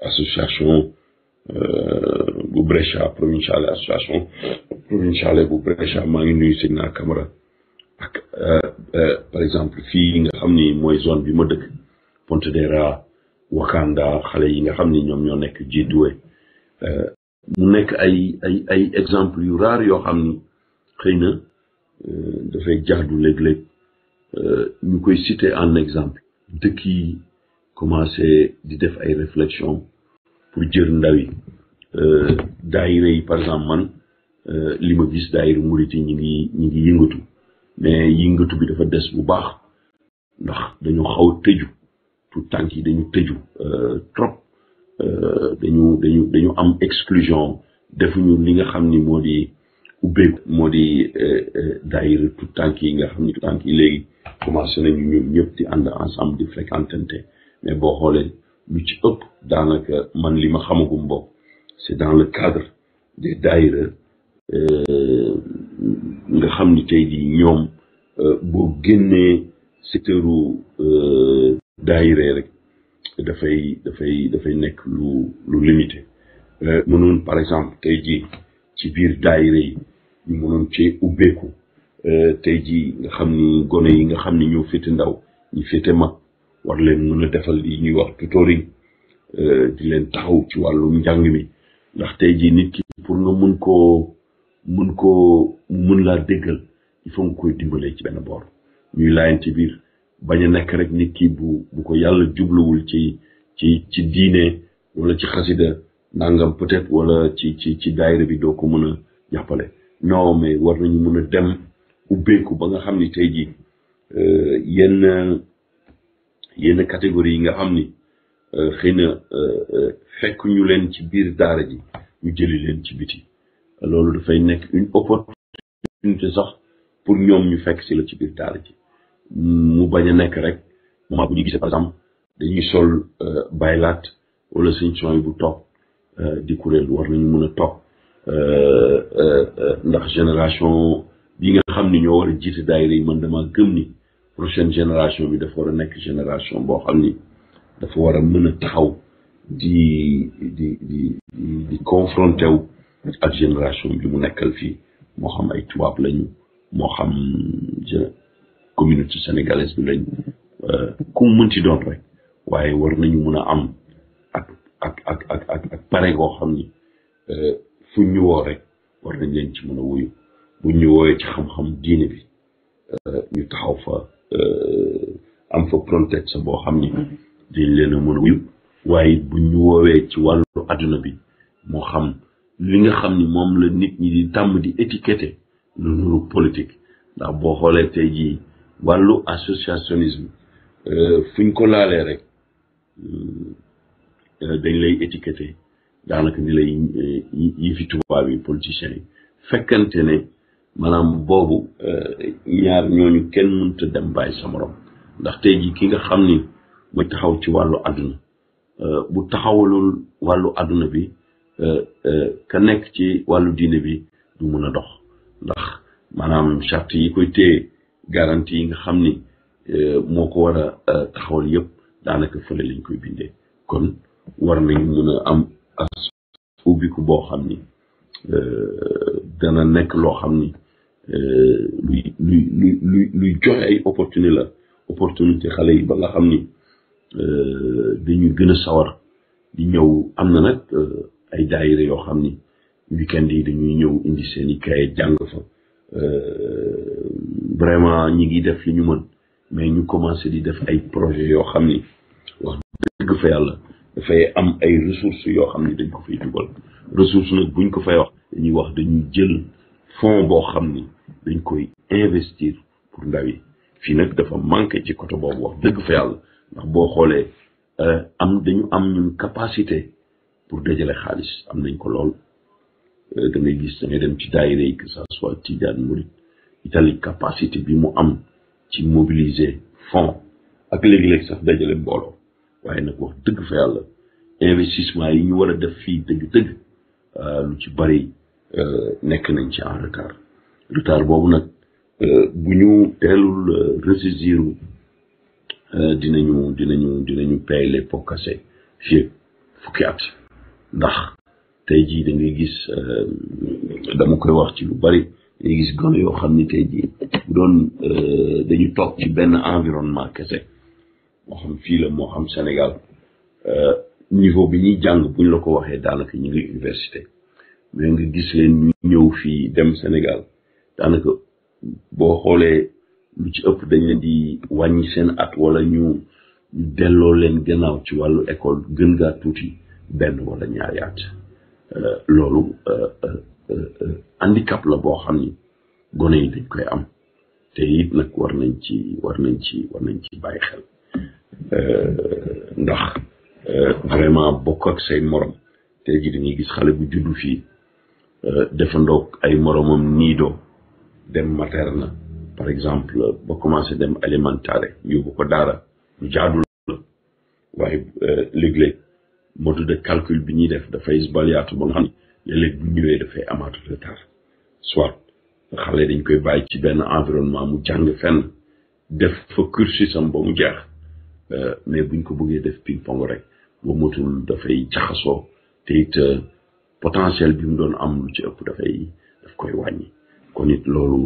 Speaker 2: association euh, bu Brescia provinciale association incha allah bu Brescia maa ngi nuyu Seydina Camara ak euh, euh, par exemple fi nga xamni moy zone bi ma dëkk ra Wakanda xalé yi nga xamni ñom ñoo nekk g euh mu nekk ay ay ay exemple yu raar yoo xam ni xëy na euh, dafay jaadu leg léeg ñu koy citer en exemple dëkk yi commencé di def ay réflexion pour jër ndaw yi daayira yi par exemple man Euh, li ma gis daayira murit yi ñi ngi ñi ngi yëngatu mais yëngatu bi dafa des bu baax ndax dañu xaw tëju tout tànk yi dañu tëju euh, trop euh, dañu dañu dañu am exclusion defuñu li nga xam ni moo di ubbeeku moo di daayira tout tànk yi nga xam ni tout tànk yi léegi commencé nañu ñun ñëpp di ànd ensemble di fréquentante mais boo xoolee lu ci ëpp daanaka man li ma xamagum bopp c'est dans le cadre des daayira Euh, nga xam ni tey jii ñoom euh, boo génnee secteuru euh, daayire rek dafay dafay dafay nekk lu lu limité mënoon par exemple tey jii ci biir daayire yi ñu mënoon cee ubbeeku tey jii nga xam ni gone yi nga xam ni ñoo féete ndaw ñu féete mag war leen mën a defal yi ñuy wax tutoring di leen taxaw ci wàllum njàng mi ndax tey nit ki pour nga mun koo mun koo mën laa déggal il faut nga koy dimbalee ci benn boor ñuy laayan ci biir bañ a nekk rek nit ki bu bu ko yàlla jubluwul ci ci ci diine wala ci xasida ndàngam peut-être wala ci ci ci daayira bi doo ko mën a jàppale non mais war nañu mën a dem ubbeeku ba nga xam ni tey jii euh, yenn yenn catégorie yi nga xam ni euh, xëy na euh, fekk ñu leen ci biir daara ji ñu jëli leen ci biti loolu dafay nekk une opportunité sax pour ñoom ñu fekk si la ci biir daara ji mu bañ a nekk rek moment bu ñu gisee par exemple dañuy sol euh, baylaat wala suñ son bu toog euh, di kuréel war nañu mën a toog euh, ndax génération bi nga xam ni ñoo war a jiite daayira yi man dama gëm ni prochaine génération bi dafa war a nekk génération boo xam ni dafa war a mën a taxaw di di di di confronté wu ak génération bi mu nekkal fii moo xam ay tubaab lañu moo xam communauté sénégalaise bi lañ euh, ku mu mënti doon rek waaye war nañu mun a am ak ak ak ak ak ak xam ni euh, fu ñu woo rek war nañ leen ci mën a wuyu bu ñu woowee ci xam euh, taxaw fa am fa boo xam ni mm-hmm. dañ leen a waaye bu ñu ci wàllu adduna bi moo xam li nga xam ni moom la nit ñi di tàmm di étiqueté lu nuru politique ndax boo xoolee te jii wàllu associationnisme euh, fuñ ko laalee rek euh, euh, dañ lay étiqueté daanaka ni lay yi fi tubaab yi politiciens yi fekkante ne maanaam boobu ñaar ñooñu kenn mënta dem bàyyi sa morom ndax tey jii ki nga xam ni mooy taxaw ci wàllu àdduna bu taxawalul wàllu àdduna bi Euh, euh, ka nekk ci wàllu diine bi du mën a dox ndax maanaam charte yi koy téye garantie yi nga xam ni euh, moo ko war a taxawal yëpp daanaka fële lañ koy bindee kon war nañ mun a am as boo xam ni dana nekk loo xam ni luy luy luy luy joxe ay opportunité la opportunité xale yi ba nga xam ni dañuy gën sawar di ñëw am na nag ay daayira yoo xam ni weekend yi dañuy ñëw indi seen i kayit jàng fa euh, vraiment ñi ngi def li ñu mën mais ñu commencé di def ay projet yoo xam ni wax dëgg fa yàlla dafay am ay ressources yoo xam ni dañ ko fay dugal ressource nag buñ ko fay wax dañuy wax dañuy jël fonds boo xam ni dañ koy investir pour ndaw fii nag dafa manqué ci côté boobu wax dëgg fa yàlla ndax boo xoolee euh, am dañu am ñun capacité pour dajale xaalis am nañ ko lool euh, da gis da dem ci daayira yi que ça soit Tijaan Murit Italie capacité bi mu am ci mobiliser fonds ak léeg-léeg sax dajale mbooloo waaye nag wax dëgg fa yàlla investissement yi ñu war a def fii dëgg-dëgg euh, lu ci bari euh, nekk nañ ci en retard retard boobu nag bu ñu teelul ressaisir dinañu dinañu dinañu payer les pots cassés fukki at ndax tey jii da gis euh, dama koy wax ci lu bari ngay gis gone yoo xam ni tey jii bu doon euh, dañu toog ci benn environnement kese moo xam fii moo xam Sénégal euh, niveau bi ñuy jàng buñ la ko waxee daanaka ñu ngi université mais nga gis leen ñëw fii dem Sénégal daanaka boo xoolee lu ci ëpp dañ leen di wàññi seen at wala ñu delloo leen gannaaw ci wàllu école gën gaa tuuti. benn wala ñaari at euh, loolu euh, euh, handicap la boo xam ni gone yi dañ koy am te it nag war nañ ci war nañ ci war nañ ci bàyyi xel ndax vraiment bokk ak say morom te ji dañuy gis xale bu juddu fii defandoog ay moromam niido dem materne par exemple ba commencé dem alimentaire yóbbu ko daara lu jaadul la waaye léeg-léeg moo tudde calcul bi ñuy def dafay sbaliyaatu ba nga xam ne léeg-léeg bu ñëwee dafay amaatu retard soit xale dañ koy bàyyi ci benn environnement mu jàng fenn def fa cursus am ba mu jeex euh, mais buñ ko bëggee def ping pong rek ba motul dafay jaxasoo te it euh, potentiel bi mu doon am lu ci ëpp dafay daf koy wàññi kon it loolu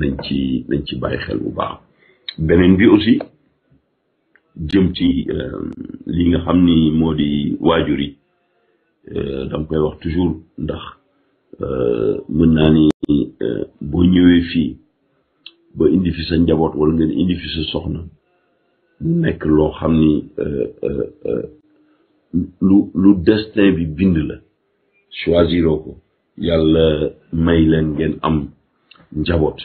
Speaker 2: nañ ci nañ ci bàyyi xel bu baax beneen bi aussi jëm ci euh, li nga xam ni moo di waajur yi euh, dama koy wax toujours ndax euh, mën naa ni boo ñëwee fii ba indi fi sa njaboot wala ngeen indi fi sa soxna mu nekk loo xam ni lu lu destin bi bind la choisiroo ko yàlla may leen ngeen am njaboot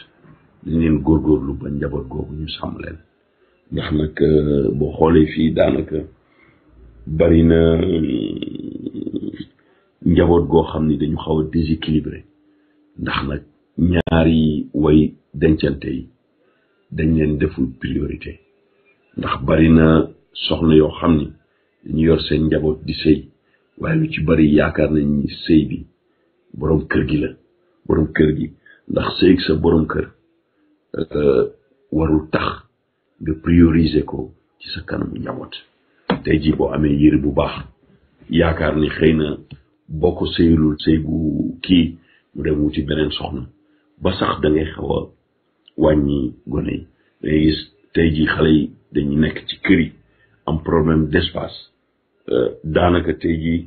Speaker 2: li góor lu ba njaboot googu ñu sàmm leen ndax nag euh, boo xoolee fii daanaka bari na euh, njaboot goo xam ni dañu xaw a déséquilibré ndax nag ñaari way dencante yi dañ leen deful priorité ndax bari na soxna yoo xam ni ñu yor seen njaboot di sëy waaye lu ci bari yaakaar nañ ni sëy bi borom kër gi la borom kër gi ndax sëy sa boroom kër euh, warul tax nga prioriser ko ci sa kanamu njaboot tey jii boo amee yëre bu baax yaakaar ni xëy na boo ko sëylul sëy bu kii mu dem wuti beneen soxna ba sax da ngay xaw a wàññi gone yi dangay gis tey jii xale yi dañuy nekk ci kër am problème d'espace euh, daanaka tey jii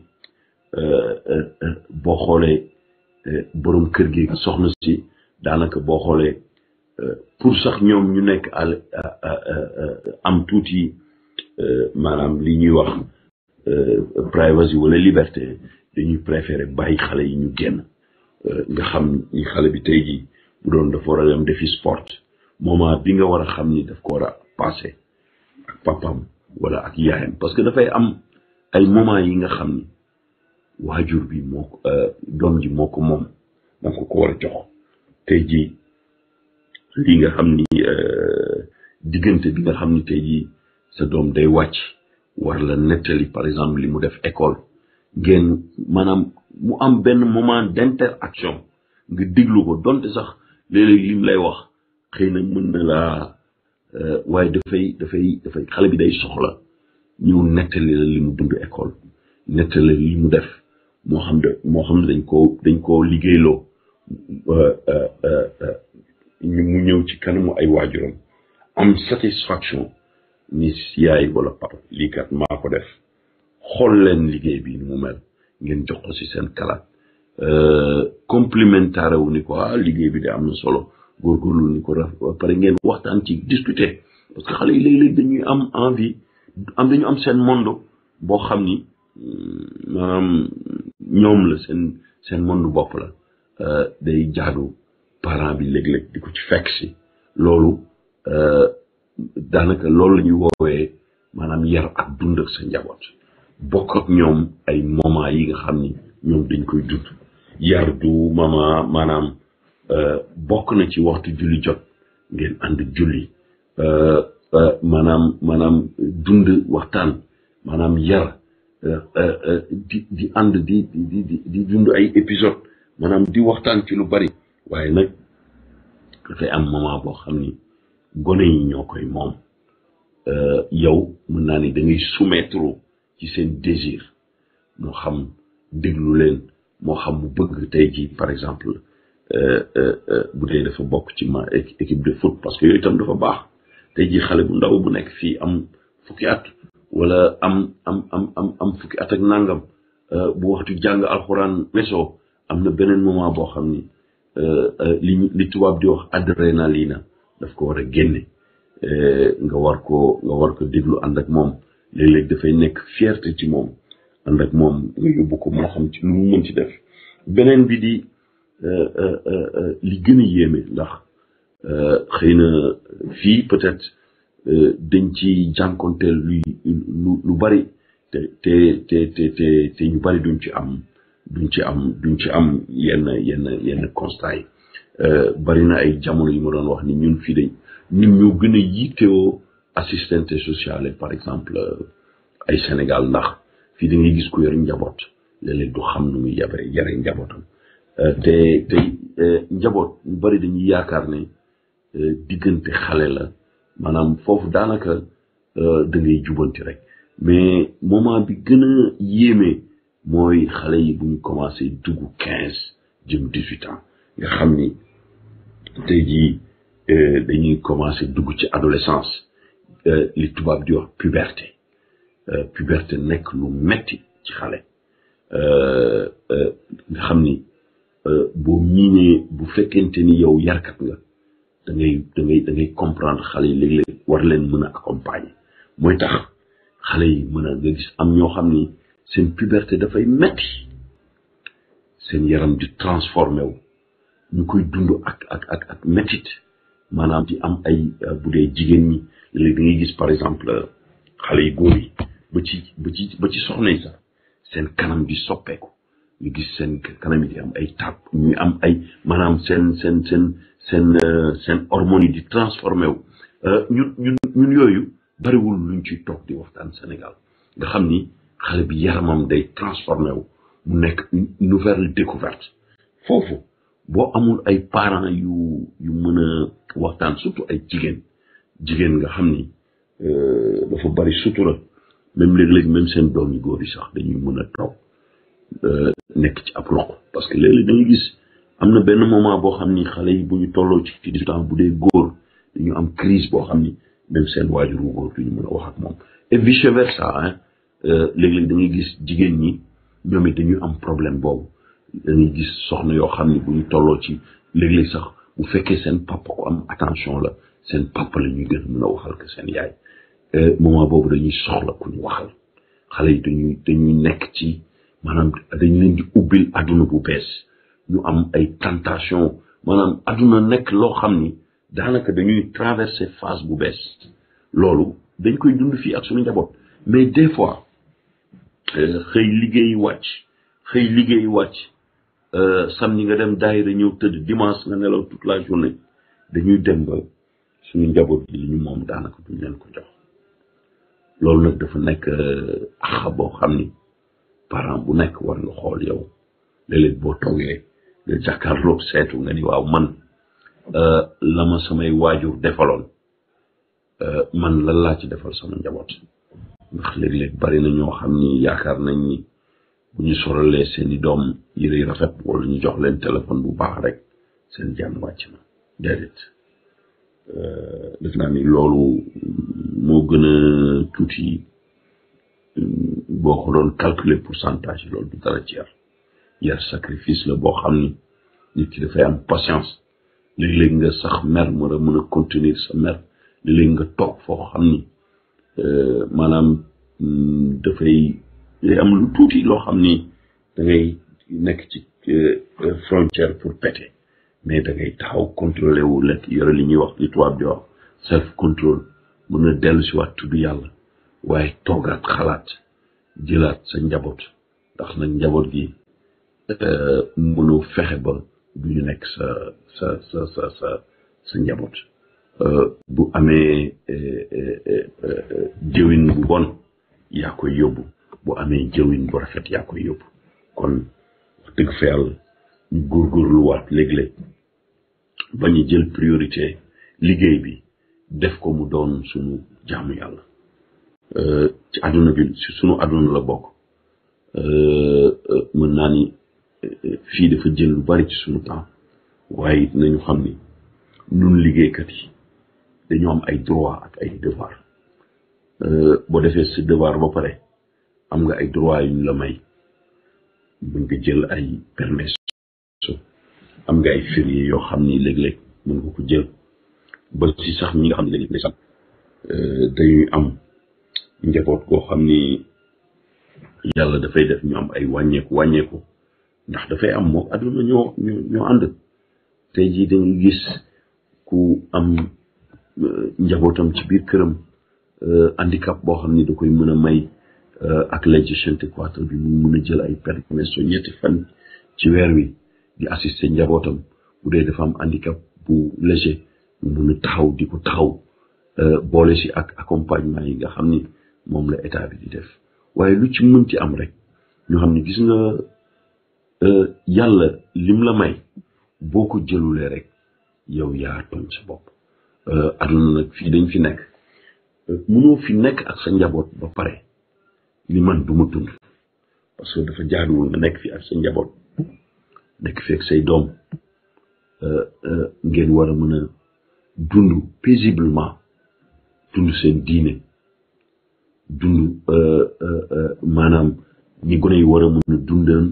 Speaker 2: euh, euh, boo xoolee borom kër gi soxna si daanaka boo xoolee pour sax ñom ñu nek al am touti manam li ñuy wax privacy wala liberté dañuy préférer bay xale yi ñu génn nga xam ni xale bi tay ji bu doon da war a dem defi sport moma bi nga wara xam ni daf ko wara a passé ak papam wala ak yaayam parce que da fay am ay moment yi nga xam ni wajur bi moko ko ji moko mom moom ko ko war jox tay ji lii nga xam ni euh, diggante bi nga xam ni tey jii sa doom day wàcc war la nettali par exemple li mu def école ngeen maanaam mu am benn moment d'interaction nga déglu ko donte sax léeg-léeg li mu lay wax xëy na mën na laa euh, waaye dafay dafay dafay xale bi day soxla ñëw nettali la li mu dund école nettali li mu def moo xam de moo xam dañ koo dañ koo liggéeyloo euh, mu ñëw ci kanamu ay waajuram am satisfaction ni yaay wala papa lii kat maa ko def xool leen liggéey bi mu mel ngeen jox ko si seen kalaat euh, complémentaire wu ni ko ah liggéey bi de am na solo góorgóorlu ni ko ba pare ngeen waxtaan ci discuter parce que xale yi léeg-léeg dañuy am envie am dañu am seen mondo boo xam ni maanaam ñoom la seen seen mondo bopp la euh, day jaadu. parent bi léeg-léeg di ko ci fekk si loolu euh, daanaka loolu la ñuy woowee maanaam yar ak dund ak sa njaboot bokk ak ñoom ay moment yi nga xam ni ñoom dañ koy dund yar du mama maanaam euh, bokk na ci waxtu julli jot ngeen ànd julli euh, maanaam maanaam dund waxtaan maanaam yar di ànd di di di di dund ay épisode maanaam di waxtaan ci lu bari waaye nag dafay am moment boo xam ni gone yi ñoo koy moom euh, yow mun naa ni da ngay ci seen désir moo xam déglu leen moo xam mu bëgg tey jii par exemple euh, euh, bu dee dafa bokk ci ma équipe de foot parce que yooyu itam dafa baax tey jii xale bu ndaw bu nekk fii am fukki at wala am am am am am fukki at ak nangam bu waxtu jàng alxuraan weesoo am na beneen moment boo xam ni Euh, euh, li li tubaab di wax adrénaline daf ko war a génne euh, nga war ko nga war ko déglu ànd ak moom léeg-léeg dafay nekk fierté ci moom ànd ak moom nga yóbbu ko moo xam ci lu mu mën ci def beneen bi di li gën a yéeme ndax xëy na fii peut dañ ci jànkonteel luy lu lu bari te te te te te ñu bari duñ ci am duñ ci am duñ ci am yenn yenn yenn constat yi euh, bari na ay jamono yu ma doon wax ni ñun fii dañ ñun ñu gën a yiitewoo assistante sociale par exemple euh, ay Sénégal ndax fii da ngay gis ku njaboot léeg-léeg du xam nu muy yabare yare njabootam euh, te te njaboot ñu bari dañuy yaakaar ne diggante xale la maanaam foofu daanaka da ngay jubanti rek mais moment bi gën a moy xalé yi bu ñu commencé dugg 15 jëm 18 ans nga xamni tay tey euh dañuy ben, commencé dugg ci adolescence euh li tubab di wax puberté euh puberté nek lu metti ci xalé euh nga euh, xamni euh boo miinee bu fekkente ni yow yarkat nga da ngay da ngay da ngay comprendre xalé leg leg war leen mëna accompagner moy tax xalé yi mëna nga gis am ño xamni une puberté dafay metti seen yaram di transformé wu ñu koy dund ak ak ak ak mettit maanaam di am euh, par exemple euh, xale yu góor ba ci ba ci ba ci soxna yi sax seen nous ñu gis seen kanam yi am ay am ay Nous euh, ñun Sénégal xale bi yaramam day transformé wu mu nekk une nouvelle découverte foofu boo amul ay parents yu yu mën a waxtaan surtout ay jigéen jigéen nga xam ni dafa bari sutura même léeg-léeg même seen doom yu góor yi sax dañuy mën a toog nekk ci ab roq parce que léeg-léeg dañuy gis am na benn moment boo xam ni xale yi bu ñu tolloo ci dix-huit ans bu dee góor dañu am crise boo xam ni même seen waajur wu góor duñu mën a wax ak moom et vice versa hein Euh, léeg leg da ngay gis jigéen ñi ñoom it dañuy am problème boobu dañuy gis soxna yoo xam ne bu ñu tolloo ci leg leg sax bu fekkee seen papa ko am attention la seen papa la ñuy gën a mën a waxal que seen yaay euh, moment boobu dañuy soxla ku ñu waxal xale yi dañuy dañuy nekk ci maanaam dañ leen di ubbil adduna bu bees ñu am ay tentation maanaam adduna nekk loo xam ni daanaka dañuy traverser phase bu bees loolu dañ koy dund fii ak suñu njaboot mais des fois Euh, xëy liggéey wàcc xëy liggéey wàcc euh, samedi nga dem daayira ñëw tëdd dimanche nga nelaw toute la journée dañuy dem ba suñu njaboot yi ñu moom daanaka duñ leen ko jox loolu nag dafa nekk euh, ax boo xam ni parent bu nekk war nga xool yow léeg-léeg boo toogee nga jàkkaarloog seetu nga ni waaw man la ma samay waajur defaloon man lan laa ci defal sama njaboot ndax léeg-léeg bari na ñoo xam ni yaakaar nañ ni bu ñu sorolee seeni doom yëre rafet wala ñu jox leen téléphone bu baax rek seen jàmm wàcc na déedéet euh, def naa ni loolu moo gën a tuuti boo ko doon calculer pourcentage loolu du dara ci yar yar sacrifice la boo xam ni nit ci dafay am patience léeg-léeg nga sax mer mën a mën a contenir sa mer léeg-léeg nga toog foo xam ni Euh, maanaam mm, dafay day am lu tuuti loo xam ni da ngay nekk ci euh, frontière pour péter mais da ngay taxaw contrôlé wu lekk yore li ñuy wax li tubaab di wax self contrôle mën na dellu si waat tudd yàlla waaye toogaat xalaat jëlaat sa njaboot ndax nag njaboot gi euh, mënu fexe ba bu ñu nekk sa sa sa sa sa sa njaboot Euh, bu amee eh, eh, eh, jëwin bu bon yaa koy yóbbu bu amee jëwin bu rafet yaa koy yóbbu kon wax dëgg fa yàlla ñu góorgóorluwaat léeg-léeg ba ñu jël priorité liggéey bi def ko mu doon suñu jaamu yàlla euh, ci àdduna bi si suñu àdduna la bokk euh, mën naa ni fii dafa jël lu bari ci suñu temps waaye it nañu xam ni ñun liggéeykat yi dañoo am ay droit ak ay devoir euh, boo defee si ba pare am nga ay droit yuñ la may mën nga jël ay permis am nga ay yoo xam ni léeg-léeg mën jël ba si sax ñi nga xam ne léeg-léeg euh, am njaboot koo xam ni yàlla dafay def ñu am ay wàññeeku wàññeeku ndax dafay am moom adduna ñoo ñoo ànd tey jii dañuy gis ku am njabootam ci biir këram euh, handicap boo xam ni da koy mën a may euh, ak légitime équateur bi mu mën a jël ay permission ñetti fan ci weer wi di njabootam bu dee dafa am handicap bu léger mu mën a taxaw di ko taxaw euh, boole si ak accompagnement yi nga xam ni moom la état bi di def waaye lu ci mënti am rek ñu xam ni gis nga yàlla lim la may boo ko jëlulee rek yow yaa tooñ sa bopp. aduna euh, nag fii dañ fi nekk euh, mënoo fi nekk ak sa njaboot ba pare li man du ma dund que dafa jaaduwul nekk fi ak sa nekk fi ak say doom euh, ngeen war a mën a dund paisiblement dund seen diine dund maanaam ni gone yi war a mën a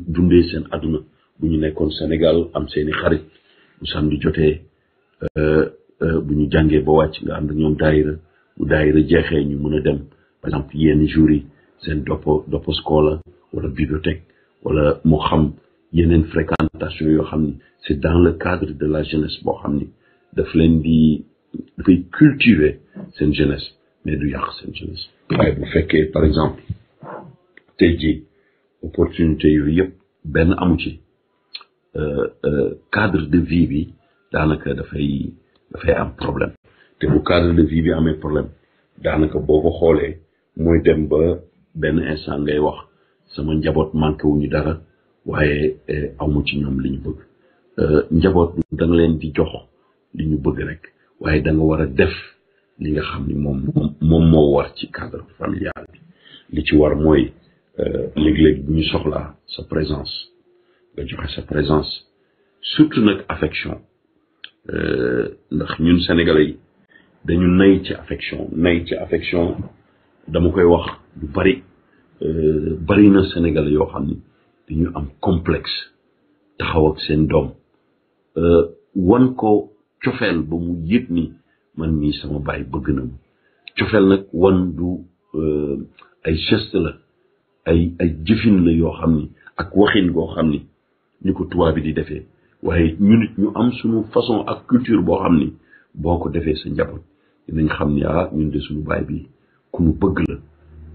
Speaker 2: dund seen aduna bu ñu nekkoon Sénégal am seeni xarit bu samedi jotee Euh, buñu you jàngee ba nga ànd ak daayira bu daayira ñu par exemple bibliothèque wala xam yeneen fréquentation c'est dans le cadre de la jeunesse boo xam daf leen cultiver cette jeunesse mais du jeunesse par exemple opportunité yooyu euh, euh, cadre de vie bi dafay am problème té bu cadre de vie bi un problème danaka boko xolé Je dem ba instant ngay wax sama wuñu dara eh, amu ci da def li nga cadre familial li ci war euh, sa présence nga joxe sa présence surtout notre affection Euh, ndax ñun sénégalais yi dañu nay ci affection nay ci affection dama koy wax du bari euh, bari na sénégalais yoo xam ni dañu am complex taxaw ak seen doom euh, wan ko cofeel ba mu yëg ni man mii sama baay bëgg na ma cofeel nag wan du ay geste la ay ay jëfin la yoo xam ni ak waxin goo xam ni ñu ko tubaab bi di defee waaye ñun it ñu am suñu façon ak culture boo xam ni boo ko defee sa njaboot dinañ xam ni ah ñun de suñu baay bi ku ñu bëgg la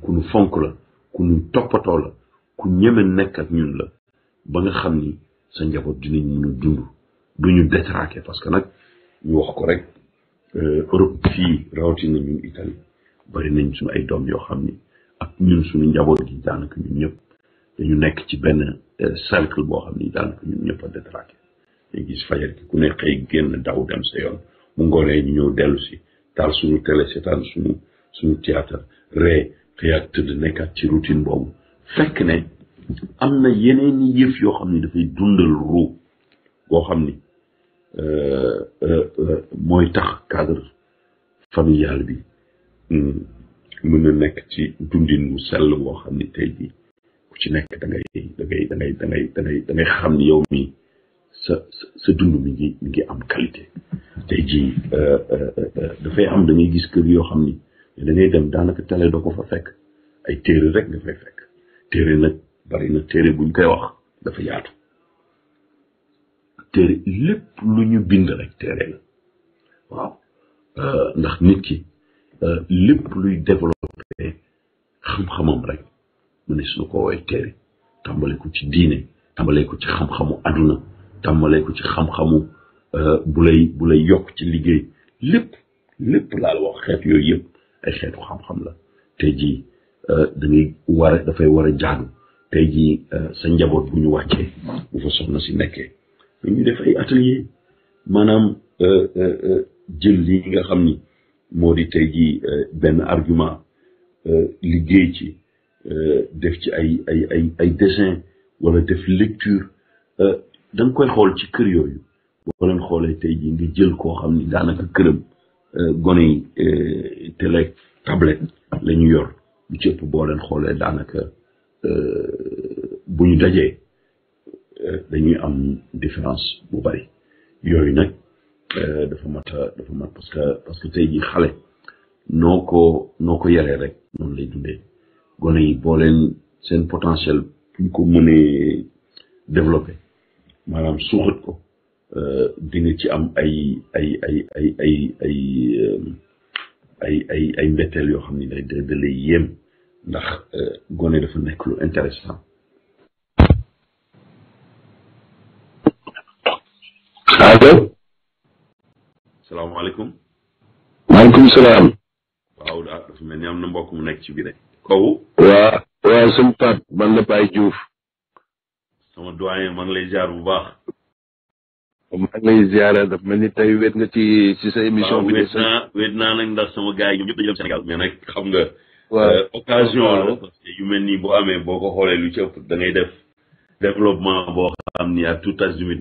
Speaker 2: ku ñu fonk la ku ñu toppatoo la ku ñeme nekk ak ñun la ba nga xam ni sa njaboot dinañ mën a dund du ñu détraqué parce que nag ñu wax ko rek euh, Europe fii rawatina ñun Italie bari nañ su ay doom yoo xam ni ak ñun suñu njaboot gi daanaka ñun ñëpp dañu nekk ci benn euh, cercle boo xam ni daanaka ñun ñëpp a dañ gis fajar ku ne xëy génn daw dem sa yoon mu ngoonee ñëw dellu si taal suñu télé seetaan suñu suñu théâtre ree xëyaat tëdd nekkaat ci routine boobu fekk ne am na yeneen i yëf yoo xam ni dafay dundal ruu boo xam ni euh, euh, euh, mooy tax cadre familial bi hmm, mën na nekk ci dundin mu sell boo xam ni tey jii ku ci nekk da ngay da ngay da xam ni yow mii sa sa dund mi ngi mi ngi am qualité tey jii euh, euh, euh, dafay am da gis kër yoo xam ni da ngay dem daanaka télé doo ko fa fekk ay téere rek nga fay fekk téere nag bari na téere buñ koy wax dafa yaatu téere lépp lu ñu bind rek téere la waaw ndax nit ki lépp luy développé xam-xamam rek mu ne suñu ko téere tàmbale ci diine tàmbale ci xam-xamu àdduna tàmbalee ko ci xam-xamu euh, bu lay bu lay yokk ci liggéey lépp lépp laa wax xeet yooyu yëpp ay xeetu xam-xam la tey jii euh, da ngay war dafay war a jaadu tey jii euh, sa njaboot bu ñu wàccee bu fa soxna si nekkee ñu def ay atelier maanaam jël li nga xam ni moo di tey jii benn argument liggéey ci def ci ay ay ay ay dessin wala def lecture da koy xool ci kër yooyu boo leen xoolee tey jii nga jël koo xam ni daanaka këram euh, gone yi euh, télé tablette lañu yor lu ci ëpp boo leen xoolee daanaka euh, bu ñu dajee dañuy am différence bu bari yooyu nag dafa mat dafa mat parce que parce que xale noo ko noo ko yaree rek noonu lay dundee gone yi boo leen seen potentiel ñu ko mënee développé maanaam suuxat ko euh, di nga ci am ay ay ay ay ay ay euh, ay ay ay yoo xam ne da da lay ndax euh, gone dafa nekk lu intéressant allo salaamaaleykum maaleykum salaam waaw daal dafa mel ni am na mbokk mu nekk ci biir rek waa waa suñu man la Baye Diouf sama doyen maa ngi lay ziar bu baax.
Speaker 3: maa ngi lay ziar daf mel ni tey
Speaker 2: wéet nga ci ci sa émission. bi naa wéet naa nag ndax sama gars yi ñoom ñëpp xam nga. waaw euh, occasion la yu mel nii bu amee boo ko xoolee lu ci da ngay def développement boo xam ni à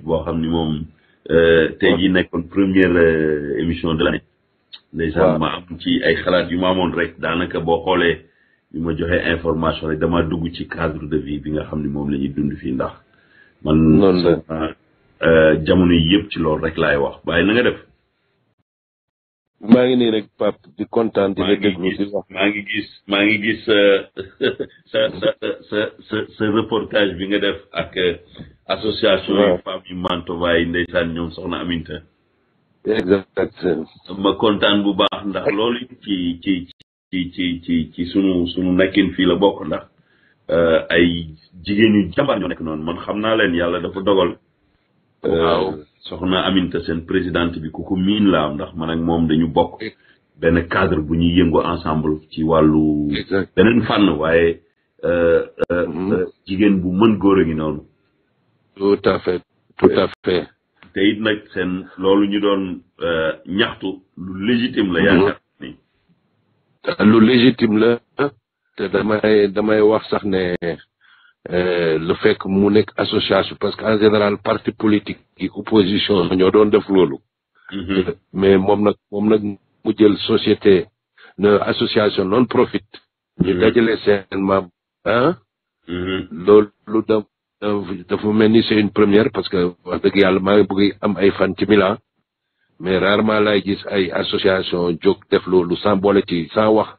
Speaker 2: boo xam ni moom. Euh, tey jii nekkoon première euh, émission de l'année. ndeysaan ma am ci ay xalaat yu ma amoon rek daanaka boo xoolee yu ma joxee information rek dama dugg ci cadre de vie bi nga xam ni moom la ñuy dund fi ndax. man noonu la eh, jamono yëpp ci loolu rek laay wax waaye na nga def. maa ngi nii rek pap di kontaan di la maa ngi gis maa ngi gis eh, [LAUGHS] sa sa sa sa sa reportage bi nga def ak eh, association yi femmes yu Mantova yi ndeysaan ñoom soxna Aminta exact ma kontaan bu baax ndax loolu ci ci ci ci ci ci sunu sunu nekkin fii la bokk ndax Euh, ay jigéen ñu jàmbaar ñoo nekk noonu man xam naa leen yàlla dafa dogal. Euh, waaw soxna Aminta seen présidente bi ku ko miin la am ndax man ak moom dañu bokk. benn cadre bu ñuy yëngu ensemble ci wàllu. beneen fànn waaye. Euh, mm-hmm. jigéen bu mën góor a ngi noonu. tout à fait tout à fait. te it nag seen loolu ñu doon
Speaker 3: ñaxtu lu légitime la. yaakaar ni mm-hmm. lu légitime la. te damay damay wax sax ne euh, lu fekk mu nekk association parce que en général parti politique yi opposition ñoo doon def loolu. Mm-hmm. mais moom nag moom nag mu jël société ne association non profit. ñu mm-hmm. dajale seen membre hein? mm-hmm. ah. loolu da dafa mel ni c'est une première parce que wax dëgg yàlla maa ngi bëgg am ay fan ci Milan mais rarement la gis ay association jóg def loolu sans boole ci sans wax.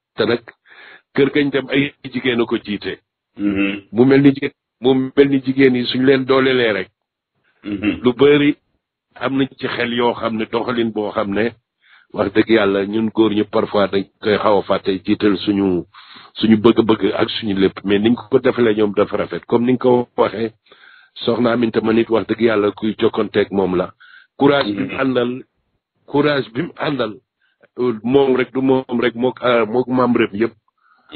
Speaker 3: te nag kër gañ dem ay jigéen a ko jiite. Mm-hmm. mu mel ni jigéen mu mel ni jigéen yi suñ leen doolelee rek. Mm-hmm. lu bëri am nañ ci xel yoo xam ne doxalin boo xam ne wax dëgg yàlla ñun góor ñu parfois dañ koy xaw a fàtte jiital suñu suñu bëgg-bëgg ak suñu lépp mais niñ ko defalee ñoom dafa rafet comme niñ ko waxee soxna Aminta ma nit wax dëgg yàlla kuy jokkonteeg moom la. courage bi mu mm-hmm. courage bi mu àndal. moom rek du moom rek mook ah, mook membre am yëpp.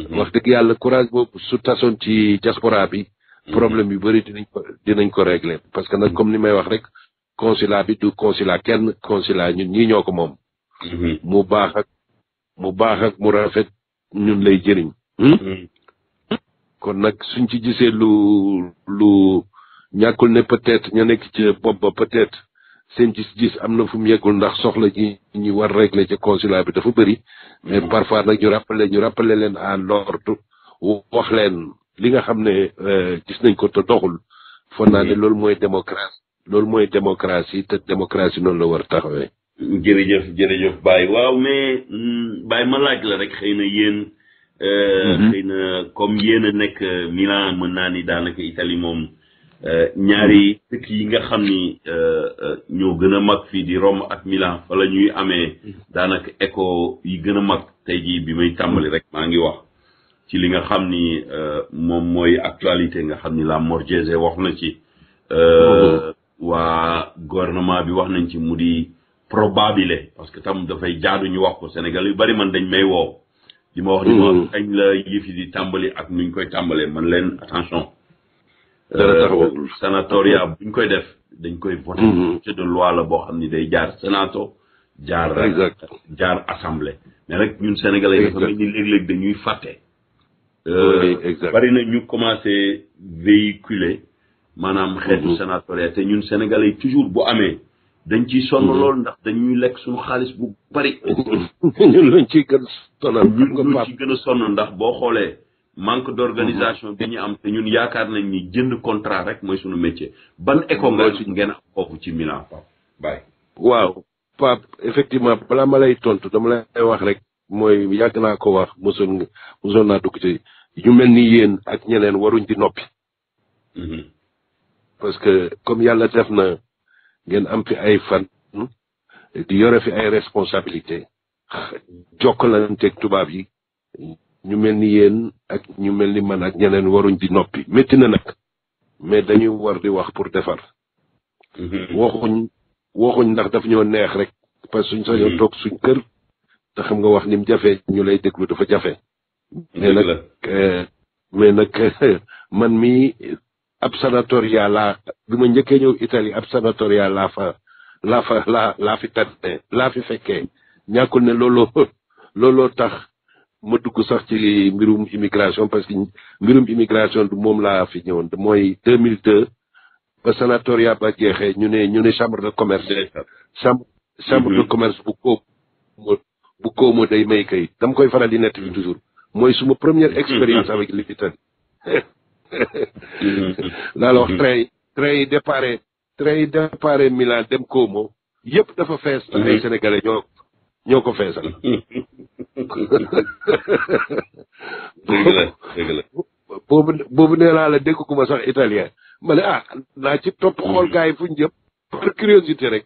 Speaker 3: Mhm. wax dëgg yàlla courage boobu su tasoon ci diaspora bi. Mhm. problème yu bëri dinañ ko dinañ ko régler parce que nag mhm. comme ni may wax rek consulat bi du consulat kenn consulat ñun ñii ñoo ko moom. mu baax ak mu baax ak mu rafet ñun lay jëriñ. Hmm? kon nag suñ ci gisee lu lu ñàkkul ne peut-être ña nekk ci bopp ba seen gis-gis am na fu mu yeggul ndax soxla ji ñu war régler ci consulat bi dafa bëri mais parfois nag ñu rappeler ñu rappeler leen à l'ordre wax leen li nga xam ne euh, gis nañ ko te doxul foog naa ne loolu mooy démocratie loolu mooy démocratie te démocratie noonu la war a taxawee. jërëjëf
Speaker 2: jërëjëf Baye waaw mais hmm, Baye ma laaj la rek xëy na yéen. Euh, mhm. xëy na comme yéen a nekk euh, Milan mën naa ni daanaka Italie moom. Euh, ñaari dëkk yi nga xam ni euh, euh, ñoo gën a mag fii di Rome ak Milan fa la ñuy amee daanaka éco yi gën a mag tey jii bi may tàmbali rek maa ngi wax ci li nga xam ni moom mooy actualité nga xam ni la Morgese wax na ci oh. waa gouvernement bi wax nañ ci mu di probable parce que tam dafay jaadu ñu wax ko Sénégal yu bari man dañ may woow di ma wax ni ma mm. kañ la yëf di tàmbali ak nuñ koy tàmbalee man leen attention Euh, sanatoria mm-hmm. buñ koy def dañ koy voté projet mm-hmm. de loi la boo xam ni day jaar sénato jaar jaar assemblée mais rek ñun sénégalais yi dafa mel ni léeg-léeg dañuy fàtte euh, bari na ñu commencé véhiculer maanaam mm-hmm. xeetu sénatoria te ñun sénégalais yi toujours bu amee dañ ciy sonn lool ndax dañuy lekk suñu xaalis bu bari [LAUGHS] ñun lañ ciy gën sonn ñun lañ ci gën sonn ndax boo xoolee manque d' organisation bi ñu am te ñun yaakaar nañ ni jënd contrat rek mooy suñu métier
Speaker 3: ban écho nga ngeen am foofu ci Milan
Speaker 2: Pape
Speaker 3: waaw Pape effectivement balaa ma tontu dama lay wax rek mooy yàgg naa ko wax mosoon mosoon naa dugg ci ñu mel ni yéen ak ñeleen waruñ di noppi mm-hmm. parce que comme yàlla def na ngeen am fi ay fan di yore fi ay responsabilité jokkalanteeg tubaab yi ñu mel ni yéen ak ñu mel ni man ak ñeneen waruñ di noppi métti na nag mais dañuy war di wax pour defar. Mm-hmm. waxuñ waxuñ ndax daf ñoo neex rek. parce que suñ sañoo mm-hmm. toog suñ kër. te xam nga wax ni mu jafe ñu lay déglu dafa jafe. Mm-hmm. Euh, mais nag mais [LAUGHS] nag man mi ab sanatoria laa bi ma njëkkee ñëw Italie ab sanatoria laa fa laa fa laa laa fi tànnee laa fi fekkee ñàkku ne looloo [LAUGHS] looloo tax. ma dugg sax ci mbirum immigration parce que mbirum immigration du moom laa fi ñëwoon mooy 2002 ba sanatoria ba jeexee ñu ne ñu ne chambre de commerce. chambre chambre de mm-hmm. commerce bu koo bu koo moo day may kay dama koy faral di nett bi toujours mooy suma première mm-hmm. expérience avec l'Italie laa wax train yi train yi dépare train yi dépare Milan dem Como yëpp dafa fees mm-hmm. ay sénégalais ñoo ñoo ko feesal. dëgg la boobu boobu nee naa la dégg ko ma sax italien ma ne ah naa ci topp xool mm-hmm. gars yi fu ñu jëm par curiosité rek.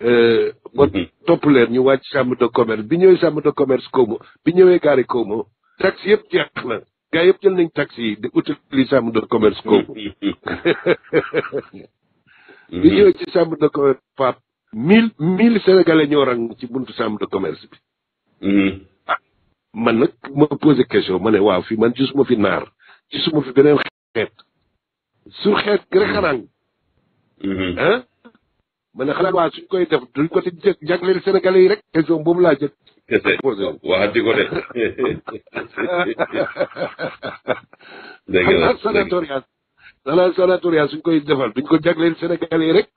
Speaker 3: ba euh, mm-hmm. topp leen ñu wàcc chambre de commerce bi ñëwee chambre de commerce Como bi ñëwee gaari Como. taxi yëpp jeex na gars yëpp jël nañ taxi yi di utili chambre de commerce Como. Mm-hmm. [LAUGHS] bi ñëwee ci chambre de commerce mil mil sénégalais ñoo rang ci buntu chambre de commerce bi. Hmm. ah man nag ma posé question ma ne waaw fii man gisuma fi naar gisuma fi beneen xeet. su xeet rek a rang. Hmm. xalaat waa suñ koy def duñ ko ci jagleel sénégalais yi rek question boobu laa jëkk. waa di ko def. [LAUGHS] dégg nga sanatoria. suñ koy defal duñ ko jagleel sénégalais yi rek.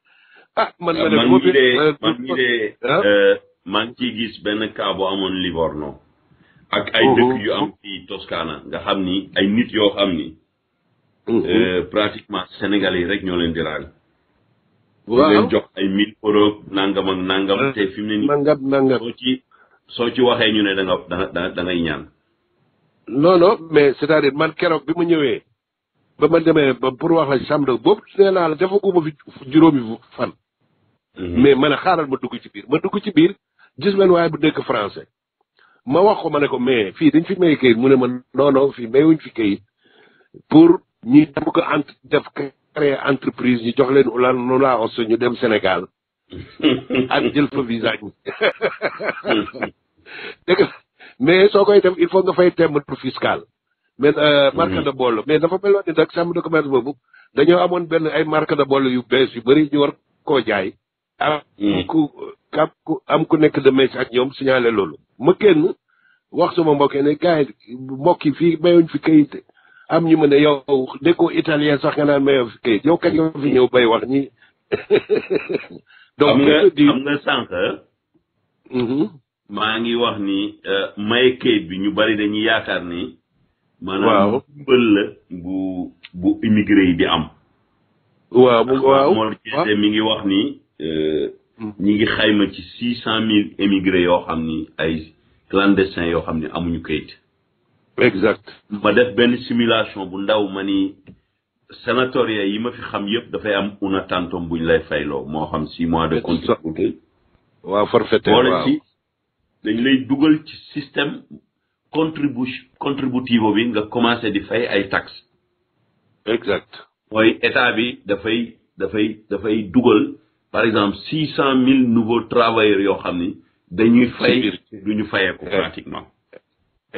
Speaker 3: ah man ma man mi de man mi de
Speaker 2: eh, man ci gis benn cas bu amoon Livorno ak ay dëkk yu am fii Toscana nga xam ni ay nit yoo xam ni eh, pratiquement sénégalais yi rek ñoo leen di raal waaw leen jox ay mille euros nangam ak nangam eh, te fi mu ne nii nangam nangam soo ci soo ci waxee ñu ne da nga da ngay ñaan
Speaker 3: non non mais c' à dire man keroog bi ma ba ma demee ba pour wax la chambre boobu nee naa la fi juróomi fan Mhm. mais ma ne xaaral ma dugg ci biir ma dugg ci biir gis benn waaye bu dëkk français ma wax ko ma ne ko mais fii dañ fi may kayit mu ne ma non non may mayuñ fi kayit pour ñi bëgg ent def créer entreprise ñu jox leen ula nu laa os ñu dem Sénégal
Speaker 1: [LAUGHS] ak
Speaker 3: jël fa visa ñi [LAUGHS] dëgg mais soo koy def il faut nga fay temm fiscal mais euh, mhm. marque de boll mais dafa meloon ni nag chambre de commerce boobu dañoo amoon benn ay marque de boll yu bees yu bëri ñu war koo jaay am hmm. ku kap ku am ku nekk de mèche ak ñoom signalé loolu ma kenn wax sama ma ne gars yi mbokk yi fii béyoon fi kayit am ñu ma ne yow déco italien sax nga naan béyoon fi kayit yow kañ nga fi ñëw bay wax ñi [LAUGHS] donc
Speaker 4: mhm.
Speaker 2: maa ngi wax ni euh, may kayit bi ñu bari dañuy yaakaar ni maanaam mbël la bu bu immigré yi di am waaw waaw mi ngi wax nii Euh, ñi ngi xayma ci six cent mille émigrés yoo xam ni ay clandestins yoo xam ni amuñu kayit. exact ma def benn simulation bu ndaw ma ni sénatoriens yi ma fi xam yëpp dafay am una tantom buñ lay fayloo moo xam six mois de contribution. waaw forfaitaire waaw boole ci dañ lay dugal ci système contribu contributivo bi nga commencé di fay ay taxes. exact mooy état bi dafay dafay dafay dugal. par exemple six cent mille nouveaux travailleurs yoo xam ni dañuy fay du ñu fayee ko pratiquement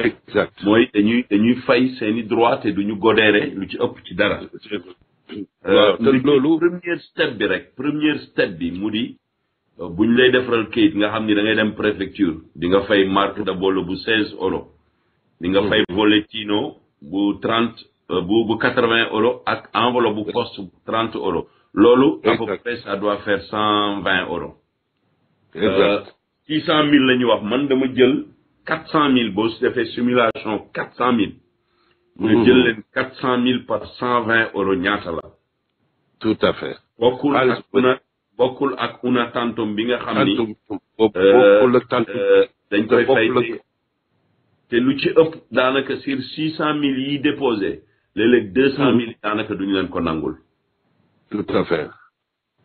Speaker 2: exact mooy dañuy dañuy fay seeni droit te du ñu godéere lu ci ëpp ci dara euh, te loolu première step bi rek première step bi mu di euh, bu ñu lay defaral kayit nga xam ni da ngay dem préfecture di nga fay marque de bolo bu seize euro di nga fay mm-hmm. voletino bu trente euh, bu bu quatre vingt euro ak enveloppe bu poste trente euro loolu à peu près ça doit faire cent vingt euros. Euh, six cent mille la ñu wax man dama jël quatre cent mille boo su defee simulation quatre cent mille.
Speaker 4: nga mhm. jël leen
Speaker 2: quatre cent mille par cent vingt euros ñaata la. tout à fait. bokkul ak una bokkul ak una tantum bi nga xam ni.
Speaker 4: Euh, euh, dañ koy fay
Speaker 2: te lu ci ëpp daanaka sur six cent mille yi déposé le léeg deux cent mille daanaka duñu leen ko nangul. tout à fait.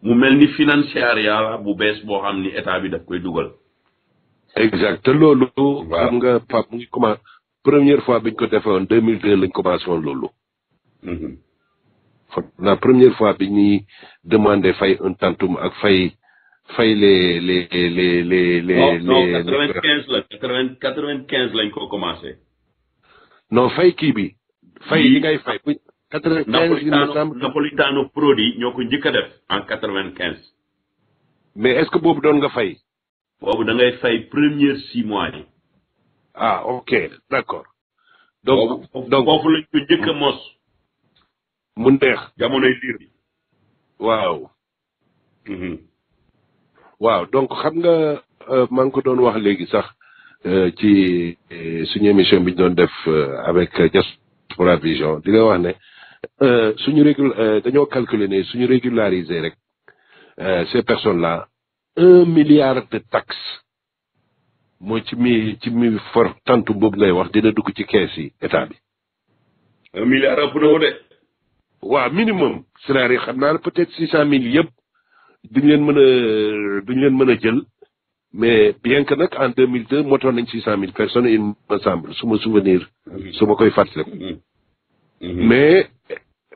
Speaker 2: mu mel ni financière bu bees boo xam ni état bi daf koy dugal.
Speaker 3: exact te loolu. xam nga Pape mu ngi commencé première fois biñ ko defee woon deux mille deux lañ commencé woon loolu. Mhm. la première fois bi ñuy demandé fay un tantum ak fay fay le les les le les. non quatre-vingt
Speaker 2: quinze la quatre-vingt quinze lañ ko commencé.
Speaker 3: non fay kii fay yi fay quatre-vingt-quinze il me
Speaker 2: semble napolitano produit ñoo ko njëkk a en quatre-vingt-quinze mais est-ce que boobu doon nga fay boobu da ngay fay première si mois yi ah ok d'accord donc donc foofu lañ ko njëkk a mos mu neex jamonoy liir bi waaw
Speaker 3: mhm. waaw donc xam nga euh, maa ngi ko doon wax léegi sax euh, ci euh, suñu émission bi doon def avec diaspora vision di nga Euh, suñu régul euh, dañoo calculer ne suñu régulariser rek euh, ces personnes la un milliard de taxes mooy ci mi ci mi for tantu boobu ngay wax dina dugg ci kees yi état bi. un milliard ëpp na ko de. waaw minimum cest à xam naa ne peut-être six cent mille yëpp duñ leen mën a duñ leen mën a jël mais bien que nag en deux mille deux motoon nañ six cent mille personnes il me semble su ma souvenir. su ma koy fàttaliku. Mm-hmm. Mm-hmm. mais.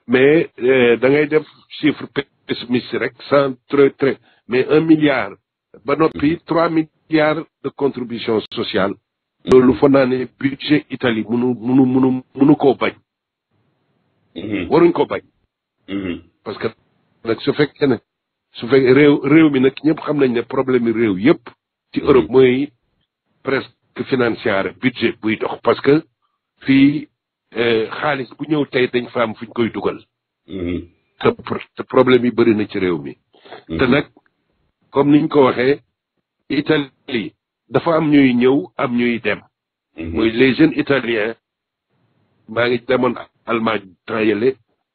Speaker 3: mais euh, da ngay def chiffre pessimiste rek sans très très mais un milliard ba noppi trois milliards de contribution sociale loolu fa naa ne budget Italie munu munu munu munu koo bañ mhm. waruñ ko bañ mhm. parce que nag su fekkee su fekkee réew réew mi nag ñëpp xam nañ ne problème yi réew yëpp ci mhm. Europe mooy presque financière budget buy dox parce que fii Euh, xaalis bu ñëw tey dañ fa am fu koy dugal. Mm-hmm. problème yi bëri na ci réew mi. Mm-hmm. te nag comme niñ ko waxee Italie dafa am ñuy ñëw am ñuy dem. muy mm-hmm. les jeunes italiens maa ngi demoon Allemagne temps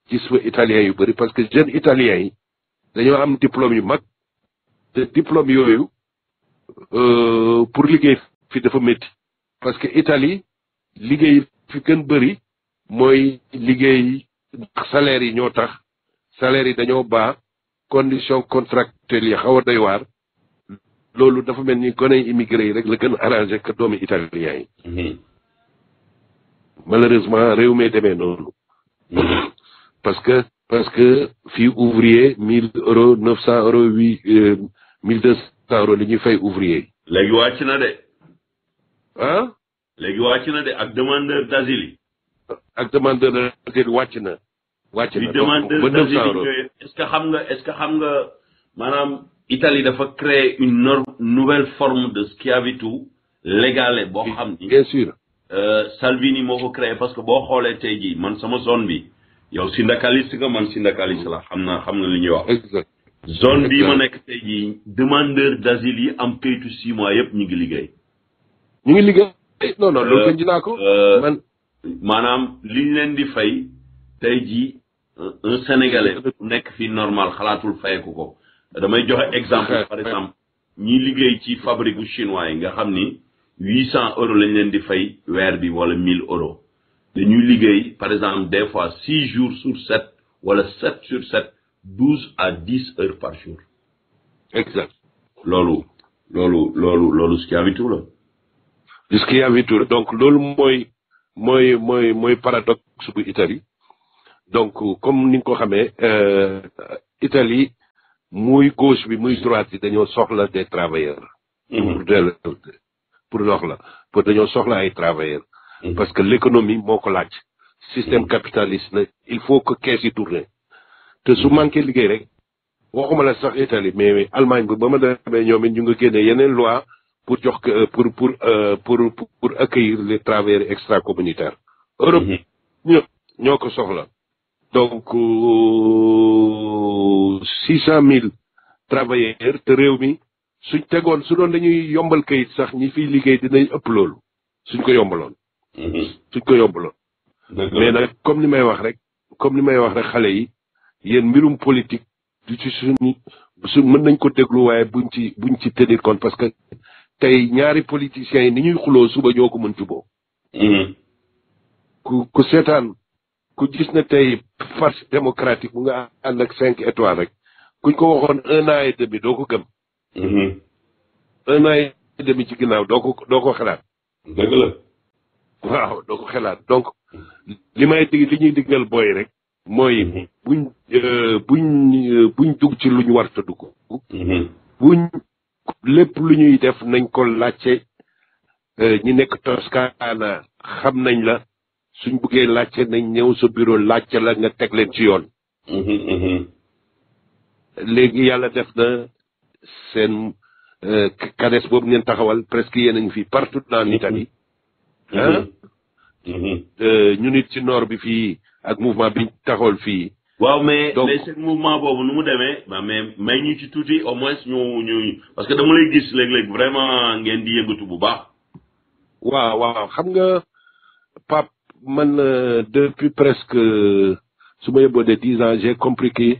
Speaker 3: gis fa italiens yu bëri parce que jeunes italien yi dañoo am diplôme yu mag te diplôme yooyu euh, pour liggéey fi dafa métti parce que itali liggéey fi gën bëri mooy liggéey ndax salaire yi ñoo tax salaire yi dañoo baax condition contractuelle yi xaw a doy waar loolu dafa mel ni gone immigré yi rek la gën arrangé que doomi italien yi malheureusement réew mi demee noonu mm-hmm. parce que parce que fii ouvrier mille euros neuf cent euros huit euh, mille deux cent li ñuy fay ouvrier léegi wàcc
Speaker 2: na de ah léegi wàcc na de ak demandeur d'asile yi ak demandeur d' asile wàcc na. wàcc na donc ba est ce que xam nga est ce que xam nga maanaam Italie dafa créer une norme nouvelle forme de schiavitù légale boo xam ni. bien sûr. Euh, Salvini moo ko créé parce que boo xoolee tey jii man sama zone bi yow syndicaliste nga man syndicaliste la xam naa xam na li ñuy wax. zone bii ma nekk tey yi demandeur d' yi am kayitu six mois yëpp ñu ngi
Speaker 3: liggéey.
Speaker 4: ñu ngi liggéey
Speaker 2: non non loolu gën euh, naa ko euh, maanaam liñ leen di fay tey jii un sénégalais nekk fii normal xalaatul fayeku ko damay joxe exemple par exemple ñi liggéey ci fabrique bu chinois yi nga xam ni huit cent euros lañ leen di fay weer bi wala mille euros dañuy liggéey par exemple des fois six jours sur sept wala sept sur sept douze à dix heures par jour. exact loolu loolu loolu loolu Schiavitoulo
Speaker 3: la. Schiavitoulo donc loolu mooy. moy moy moy paradoxe bu Italie donc comme nous nga ko euh Italie moy gauche bi moy droite bi dañoo soxla des travailleurs. Mm-hmm. pour del pour pour soxla ay travailleurs. Mm-hmm. parce que l'économie, moko moo système mm-hmm. capitaliste il faut que kees y tourne. te su manqué liguey rek waxuma la sax Italie mais Allemagne bi ba ma demee ñu nga gëné yeneen loi pour jox euh, pour pour euh, pour pour accueillir les travailleurs extracommunautaires. Europe mhm. ñoo ñoo ko soxla. donc euh, six cent mille travailleurs te réew mi suñ tegoon su doon dañuy yombal kayit sax ñi fiy liggéey dinañ ëpp loolu suñ ko yombaloon. Mhm. suñ ko yombaloon. mais na comme li may wax rek comme li may wax rek xale yi yéen mbirum politique du ci suñu su mën nañ ko déglu waaye buñ ci buñ ci tenir compte parce que. tey ñaari politiciens yi ni ñuy xuloo suba ñoo ko mën juboo mm-hmm. ku ku seetaan ku gis na tey farce démocratique bu nga ànd ak cinq étoiles rek kuñ ko waxoon un demi doo ko gëm
Speaker 4: mm-hmm.
Speaker 3: na an ci ginnaaw doo ko doo ko xalaat dëgg waaw doo ko xalaat donc li may li ñuy diggal booy rek mooy mm-hmm. buñ euh, buñ euh, buñ dugg ci luñ warta dugg buñ lépp lu ñuy def nañ ko laajte euh, ñi nekk Toscana xam nañ la suñ buggee laajte nañ ñëw sa bureau laajte la nga teg leen ci yoon. Mhm, mhm. léegi yàlla def na seen euh, CADES boobu neen taxawal presque yéen fii ngi fi partout en Italie. ah. ñu nit ci nord bi fii ak mouvement biñ taxawal fii. Wow mais Donc, ce
Speaker 2: mouvement bah, mais au moins parce que vraiment
Speaker 3: depuis presque de dix ans j'ai compris que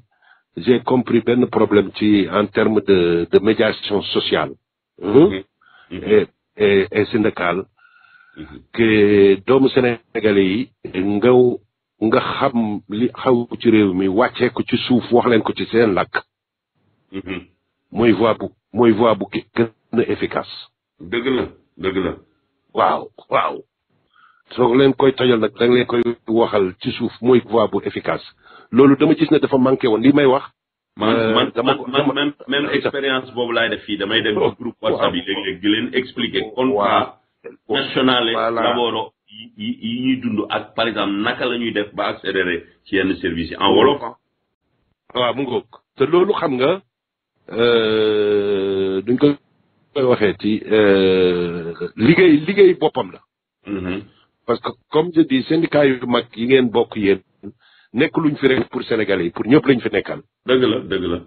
Speaker 3: j'ai compris problème en termes de médiation sociale. Hum? et mhm. syndicale. Mhm. que sénégalais nga xam li xaw ci réew mi wàccee ko ci suuf wax leen ko ci seen lakk mhm. mooy voie bu mooy voie bu gën a efficace. dëgg na dëgg na waaw waaw. soo leen koy tojal nag da nga leen koy waxal ci suuf mooy voie bu efficace loolu dama gis ne dafa manqué woon li may wax. Euh, man man
Speaker 2: man même expérience boobu laay def fii damay dem. groupe oh, WhatsApp yi léeg leen expliquer. Oh, contrat national laboro yi yi ñuy dund ak par exemple naka la ñuy def ba accélérer ci yenn services yi en wolof waaw mu ngoog te loolu
Speaker 3: xam nga euh, duñ ko waxee ci euh, liggéey liggéey boppam la mm-hmm. parce que comme je dis syndicat yu mag yi ngeen bokk yéen nekk luñ fi rek pour Sénégalais yi pour ñëpp lañ fi nekkal dëgg la dëgg la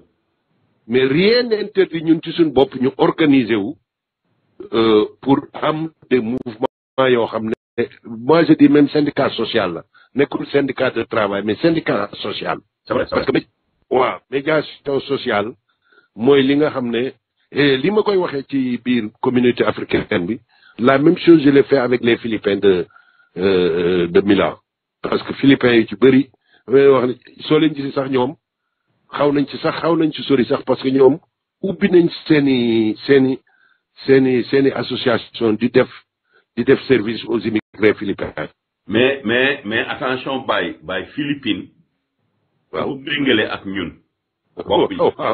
Speaker 3: mais rien n'interdit ñun ci suñ bopp ñu organiser wu euh, pour am des mouvements yoo xam ne moi je dis même syndicat social la le syndicat de travail mais syndicat social. c'est vrai parce que. moi médiation sociale moi, li nga je ne li ma koy ci biir communauté africaine la même chose je l'ai fait avec les philippins de euh, euh, de Milan. parce que philippins ils ci bëri wax ils soo leen gisi sax ñoom xaw nañ ci sax xaw nañ ci sori parce qu'ils ont ubbi nañ seen i association du def. di def service aux immigrés philippins. mais
Speaker 2: mais mais attention Baye Baye Philippines. waaw méngale ak ñun. waaw oh, oh, ah,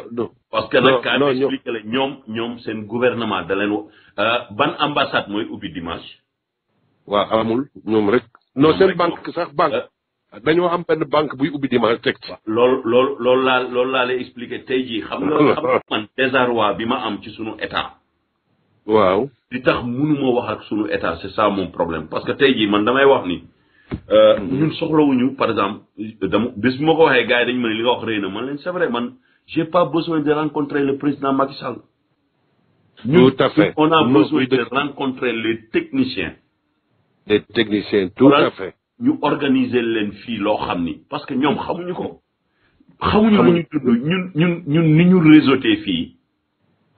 Speaker 2: parce que nag kaa ngi ñoom ñoom seen gouvernement daleen leen euh, ban
Speaker 3: ambassade mooy ubbi dimanche. waaw amul ñoom rek. non seen banque sax banque. Euh. dañoo am benn banque buy ubbi dimanche teg ci. loolu loolu loolu laa lool laa lay expliqué
Speaker 2: tey jii. [LAUGHS] xam nga man désarroi bi ma am ci sunu état. c'est ça mon problème parce que euh, mm-hmm. par exemple c'est j'ai pas besoin de rencontrer le président Macky tout à fait on a besoin de rencontrer les techniciens. les techniciens tout à fait. Nous organiser leen filles parce que nous xamuñu nous Nous nous ñu nous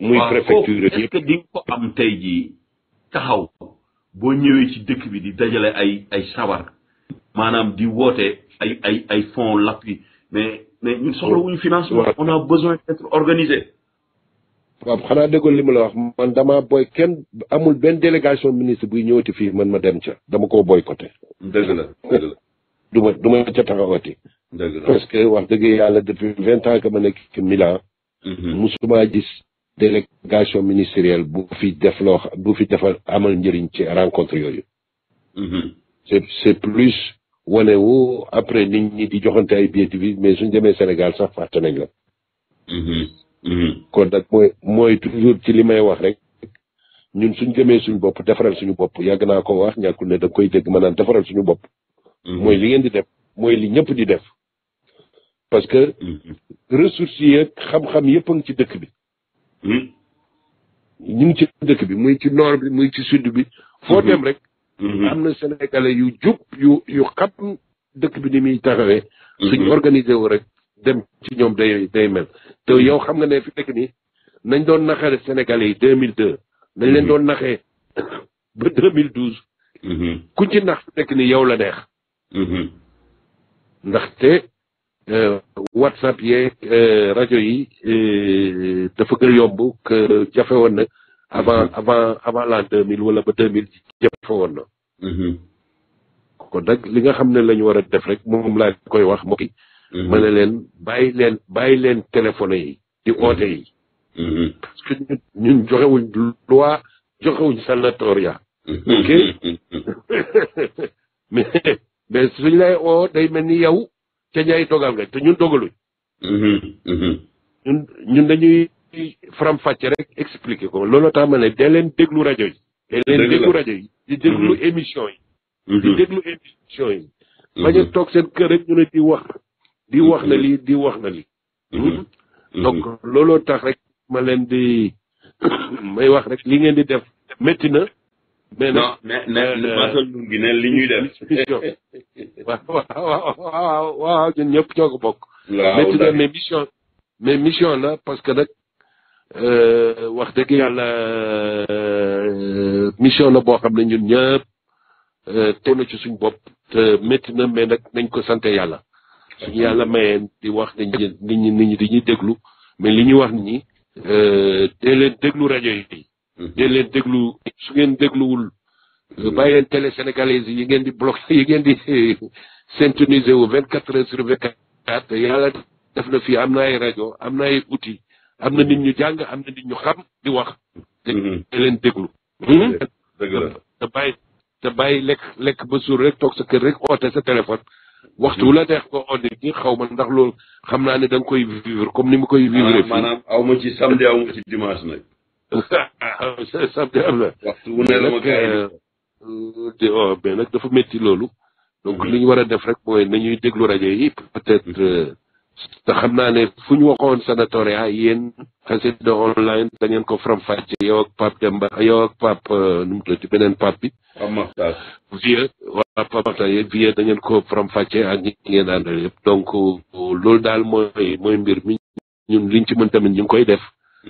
Speaker 3: muy préfecture est-ce
Speaker 2: di ko am tey jii taxaw boo ñëwee ci dëkk bi di dajale ay ay sabar maanaam di woote ay ay ay fonds l'appui mais mais ñun soxlawuñu financement on
Speaker 3: a besoin d'être organiser waaw xanaa déggoon li ma la wax man dama boy kenn amul benn délégation ministre buy ti fii man ma dem ca dama koo boycotté dëgg la dëgg la du du ma ca taxawati dëgg la parce que wax dëgg yàlla depuis vingt ans que ma nekk Milan mhm. musuma gis délégation ministérielle bu fi def loo bu fi defal amal njëriñ ci rencontre yooyu mm-hmm. c'est c'est plus wane wu après nit ñi di joxante ay billets bi mais suñ demee Sénégal sax fàtte nañ la
Speaker 4: mm-hmm. Mm-hmm.
Speaker 3: kon nag mooy mooy toujours ci li may wax rek ñun suñ demee suñu bopp defaral suñu bopp yàgg naa ko wax ñàkkul ne da koy dégg naan defaral suñu bopp mooy li ngeen di def mooy li ñëpp di def parce que ressources yi xam-xam yëpp a ngi ci dëkk bi Hmm? ñu ci dëkk bi muy ci nord bi muy ci sud bi. foo hmm. dem rek. Hmm. am na sénégalais yu jub yu yu xam dëkk bi ni muy taxawee. suñ organiser wu rek dem ci ñoom day day mel te yow xam nga ne fi nekk nii nañ doon naxare sénégalais yi deux mille deux. nañ leen doon naxee [COUGHS] ba deux mille douze. kuñ ci nax fi nekk nii yow la neex. ndaxte. Euh, whatsapp yeeg euh, rajo yi euh, dafa gën yomb jafe woon na avant mhm. avant avant l'an wala ba deux mille jafe woon na mhm. kon nag li nga xam ne lañu ñu war a def rek moom laa koy wax mbokk yi mhm. ma ne leen bàyyi leen bàyyi leen téléphone yi di oote yi parce que ñun loi joxewuñ sanatoria [LAUGHS] mais mais suñ lay oo day mel ni yow Kenya yi dogal nga te ñun dogaluñ.
Speaker 4: Mm-hmm, mm-hmm.
Speaker 3: ñun ñun dañuy faram fàcce rek expliqué ko looloo tax ma ne dee leen déglu rajo yi. dee leen déglu rajo yi di déglu mm-hmm. émission yi. di déglu émission yi. bañ a toog seen kër rek ñu ne di wax. di wax na lii di wax na li donc looloo tax rek ma leen di [COUGHS] may wax rek li ngeen di def métti na.
Speaker 2: non mais mais ne Massal ne li ñuy
Speaker 3: def. waaw waaw waaw waaw ñun ñëpp ñoo ko bokk. waaw mais mission. mais mission la parce que nag euh, wax dëgg yàlla euh, mission la boo xam ne ñun ñëpp euh, teg na ci suñ bopp te métti na mais nag nañ ko sant yàlla. suñu yàlla mayeen di wax nit ñi ñi di ñuy déglu mais li ñuy wax nit ñi. dee leen déglu rajo yi. Mm-hmm. ngeen leen déglu su ngeen dégluwul. Mm-hmm. bàyyi leen télé sénégalaises yi ngeen di bloqué [LAUGHS] yi ngeen di syntoniser wu vingt quatre heures sur vingt quatre yàlla def na fii am na ay rajo am na ay outils am na nit ñu jàng am na nit ñu xam di wax. te mm-hmm. leen déglu. dëgg la te bàyyi te bàyyi lekk lekk ba suur rek toog sa kër rek oote sa téléphone. waxtu la neex ko on ni xaw ma ndax loolu xam naa ne da nga koy vivre comme ni mu koy. vivre ah, fii maanaam aw ma ci samedi aw ma ci dimanche nag. samedi am na. waxtu wu ne la ma nag euh, oh, dafa métti loolu. donc mm. li ñu war a def rek mooy nañuy déglu rajo yi peut-être euh, xam naa ne fu ñu waxoon sanatoria yéen xasida online da ngeen ko faram-fàcce yow ak Pape Demba yow ak Pape euh, nu mu tuddati beneen Pape bi. Pape Makhtar. Vieux waaw Pape Makhtar Vieux da ngeen ko faram-fàcce ak ñi ngeen àndal yëpp donc loolu daal mooy mooy mbir mi ñun liñ ci mën tamit ñu ngi koy def.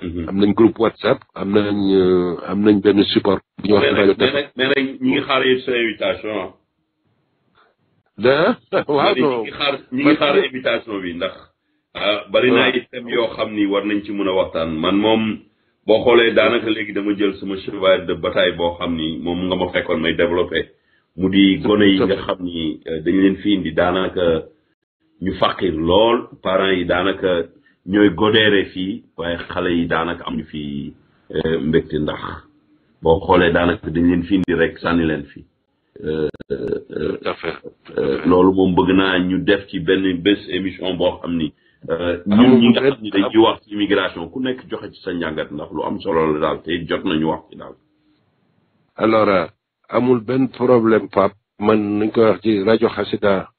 Speaker 3: Mhm. am nañ groupe whatsapp am nañ euh, am nañ benn support. bu
Speaker 2: ñu wax rajo mais nag ñi ngi xaar yëpp sa invitation ah. ah waaw non ah, bari naa ah. ay thèmes yoo xam ni war nañ ci mun a waxtaan man moom boo xoolee daanaka léegi dama jël suma cheval de bataille boo xam ni moom nga ma fekkoon may développé. mu di gone yi nga xam ni euh, dañ leen fi indi daanaka ñu faqir lool parents yi daanaka. ñooy godeere fii waaye xale yi daanaka am ñu fi euh, mbégte ndax boo xoolee daanaka dañ leen fi indi rek sànni leen fi. Euh, euh, loolu moom bëgg naa ñu def ci benn bés émission boo xam ni. ñun ñi nga dañ ci wax ci immigration ku nekk joxe ci sa njàngat ndax lu am solo la daal te jot nañu wax ci daal.
Speaker 3: alors amul benn problème Pape man nuñ koy wax ci rajo Xassida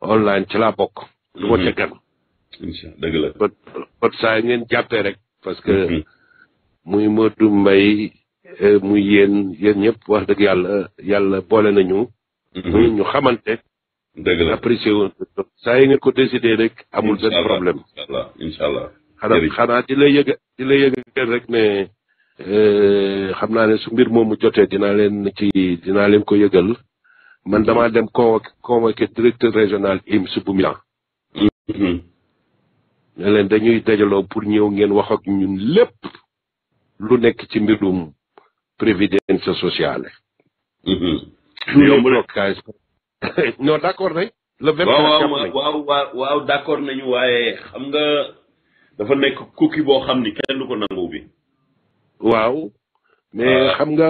Speaker 3: online ci laa bokk. Mhm. lu ma ca incha allah dëgg la pot pot saa ngeen jàppee rek. parce que mm-hmm. muy Modou Mbaye euh, muy yéen yéen ñëpp wax dëgg yàlla yàlla boole nañu. Mm-hmm. muy ñu xamante. dëgg la apprécié woon saa yi nga ko décidé rek. amul benn problème incha allah incha allah. xanaa di la yëg di la yëg rek ne. Euh, xam naa ne su mbir moomu jotee dinaa leen ci dinaa leen ko yëgal man mm-hmm. damaa dem convoqué convoqué directeur régional IMS bu Milan. ne leen dañuy dajaloo pour ñëw ngeen wax ak ñun lépp lu nekk ci mbirum prévidence sociale. ñoom mm-hmm. blocage. [LAUGHS] non d' accord nañ.
Speaker 2: le vingt quatre waaw waaw waaw accord nañu waaye xam nga dafa nekk kooki boo xam ni kenn du ko nangu bi. waaw.
Speaker 3: mais xam nga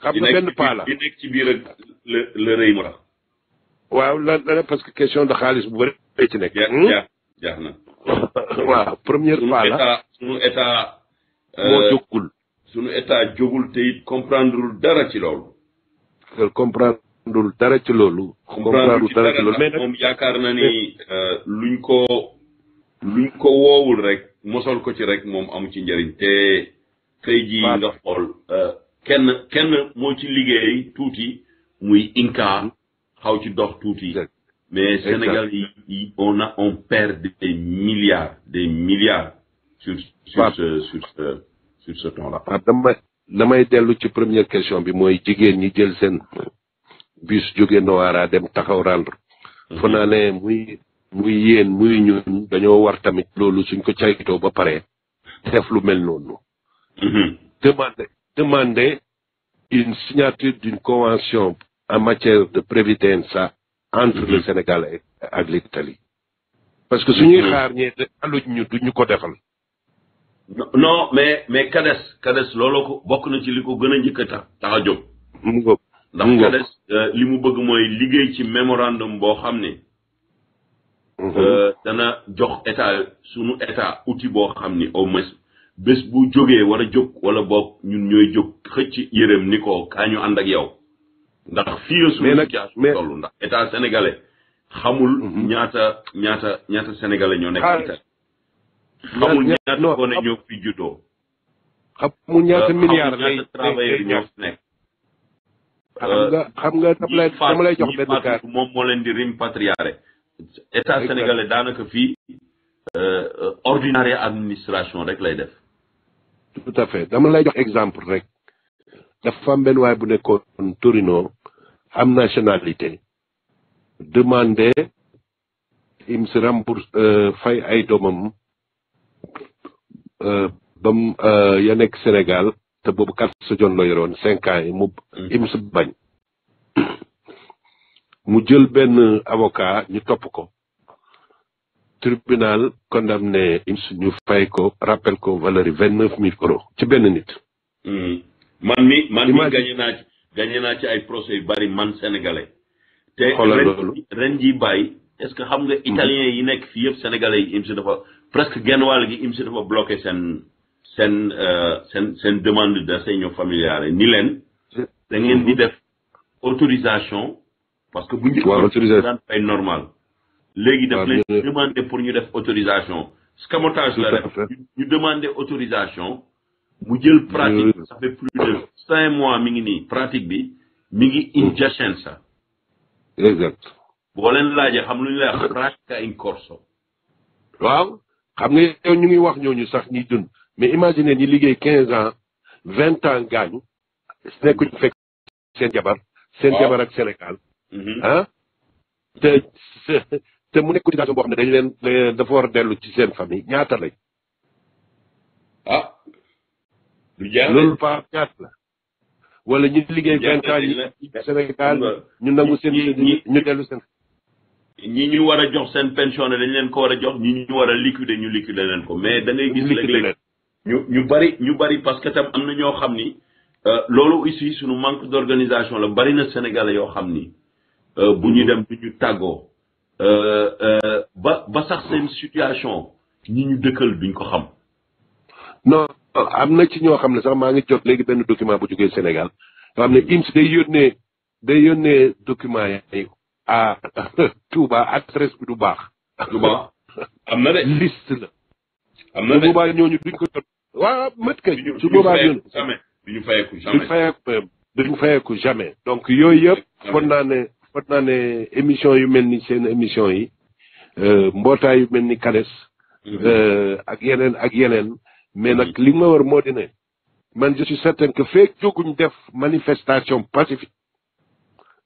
Speaker 3: xam nga benn paa la di
Speaker 2: nekk ci biir ak le le rëy
Speaker 3: waaw la la parce que question de xaalis bu bëri ci nekk. Hmm? [COUGHS] waaw première fois la sunu état euh, moo jógul
Speaker 2: sunu état jógul te it comprendreul dara
Speaker 3: ci loolu comprendreul dara ci loolu comprendreul dara ci loolu
Speaker 2: moom yaakaar na ni euh, luñ ko luñ ko woowul rek mosol ko ci rek moom amu ci njariñ te tey ji nga xool euh, kenn kenn moo ci liggéey tuuti muy inca hmm. xaw ci dox tuuti Mais exact. Sénégal,
Speaker 3: il, il, on, a, on perd des milliards, des milliards sur, sur ce, sur ce, sur ce temps-là. La damay delu ci première question bi moy jigen ñi jël sen bus jóge noara, dem taxaw rendre. Mhm. fu naa ne muy muy yéen muy ñun dañoo war tamit lolu suñ ko caytoo ba paré def lu mel nonu mhm. demander demander une signature d'une convention en matière de prévidence entre le Sénégal ak l'Italie parce que suñuy mm-hmm. xaar ñee aluñ ñu duñu ko defal
Speaker 2: no mais mais CADES CADES looloo ko bokk na ci li ko gën a njëkk a tax tax a jóg ndax CADES euh, li mu bëgg mooy liggéey ci mémorandum boo xam ne mm-hmm. euh, dana jox état suñu état outil boo xam ni au moins bés bu jógee war a jóg wala boog ñun ñooy jóg xëcc yërëm ni ko kaa ñu ànd ak yow ndax fii la suñu situation toll ndax état sénégalais xamul mhm. ñaata ñaata ñaata sénégalais ñoo nekk Italie xamul ñaata ko ñaata euh, milliards lay ñoo fi xam nga euh,
Speaker 3: xam nga dama lay jox benn kaar
Speaker 2: moom moo leen di rapatrier état sénégalais daanaka fii euh, ordinaire administration
Speaker 3: rek lay def tout à fait dama lay jox exemple rek dafa am benn waay bu nekkoon Torino am nationalité demander IMS rembourse euh, fay ay doomam euh, bam euh, ya nekk Sénégal te boobu carte sojourne la cinq ans yi mu mm-hmm. bañ [CLEARS THROAT] mu jël benn avocat ñu topp ko tribunal condamné IMS ñu fay ko rappel ko valeur yi vingt neuf mille euros ci benn nit mm-hmm. man mi man mi gañe
Speaker 2: naa gagné naa ci ay procès yu bari man sénégalais. té ren jii est-ce que xam nga. Mhm. italien yi nek fi yëpp sénégalais yi IMSI dafa presque genn wàll gi IMSI dafa bloqué sen seen sen euh, sen demande d' assegno familiare ni len da ngeen di mhm. def autorisation. parce que bu ñu. waaw autorisation fay normal. léegi daf leen demandé pour ñu def autorisation. scamotage la rek ñu demander autorisation. mu jël pratique ça fait mois mi ngi nii pratique bi mi ngi ingiacenza
Speaker 4: exact
Speaker 3: boo leen laaj xam lu ñu lay wax in corso waaw xam nga yow ñu ngi wax ñooñu sax ñuy dund mais imagine ñi liggéey quinze ans vingt ans gaañu nekkuñu fekk seen jabar seen jabar ak Sénégal mhm. ah? te mu nekk cotisation boo xam ne dañ leen dafa war a dellu ci seen famille ñaata lañ ah du jeex loolu par carte la. wala ñu liggéey vingt yi Sénégal ñu nangu seen ñu dellu seen. ñi
Speaker 2: ñu war a jox seen pension ne dañ leen ko war a jox ñu ñu war a liquider ñu liquider leen ko mais da ngay gis. léeg-léeg ñu ñu bari ñu bari parce que tam am na ñoo xam ni. Euh, loolu aussi suñu manque d'organisation la bari na Sénégalais yoo xam ni. Euh, bu ñu mm-hmm. dem du ñu tàggoo. Euh, ba ba sax seen situation
Speaker 3: ñi ñu dëkkal duñ ko xam. non. Amne chinyon kam lesa, man gen chok legi den nou dokumen pou juge Senegal. Amne ims de yon ne dokumen yon. A, tou ba, atres pou douba. Liste la. Amne de. Mwen nou faye kou. Mwen nou faye kou. Mwen nou faye kou. Yon yop, emisyon yon men ni sen emisyon yi. Euh, Mbota yon men ni kades.
Speaker 4: Mhm. Euh,
Speaker 3: ak yelen, ak yelen. mais nag li ma war moo di man je suis certain que def manifestation pacifique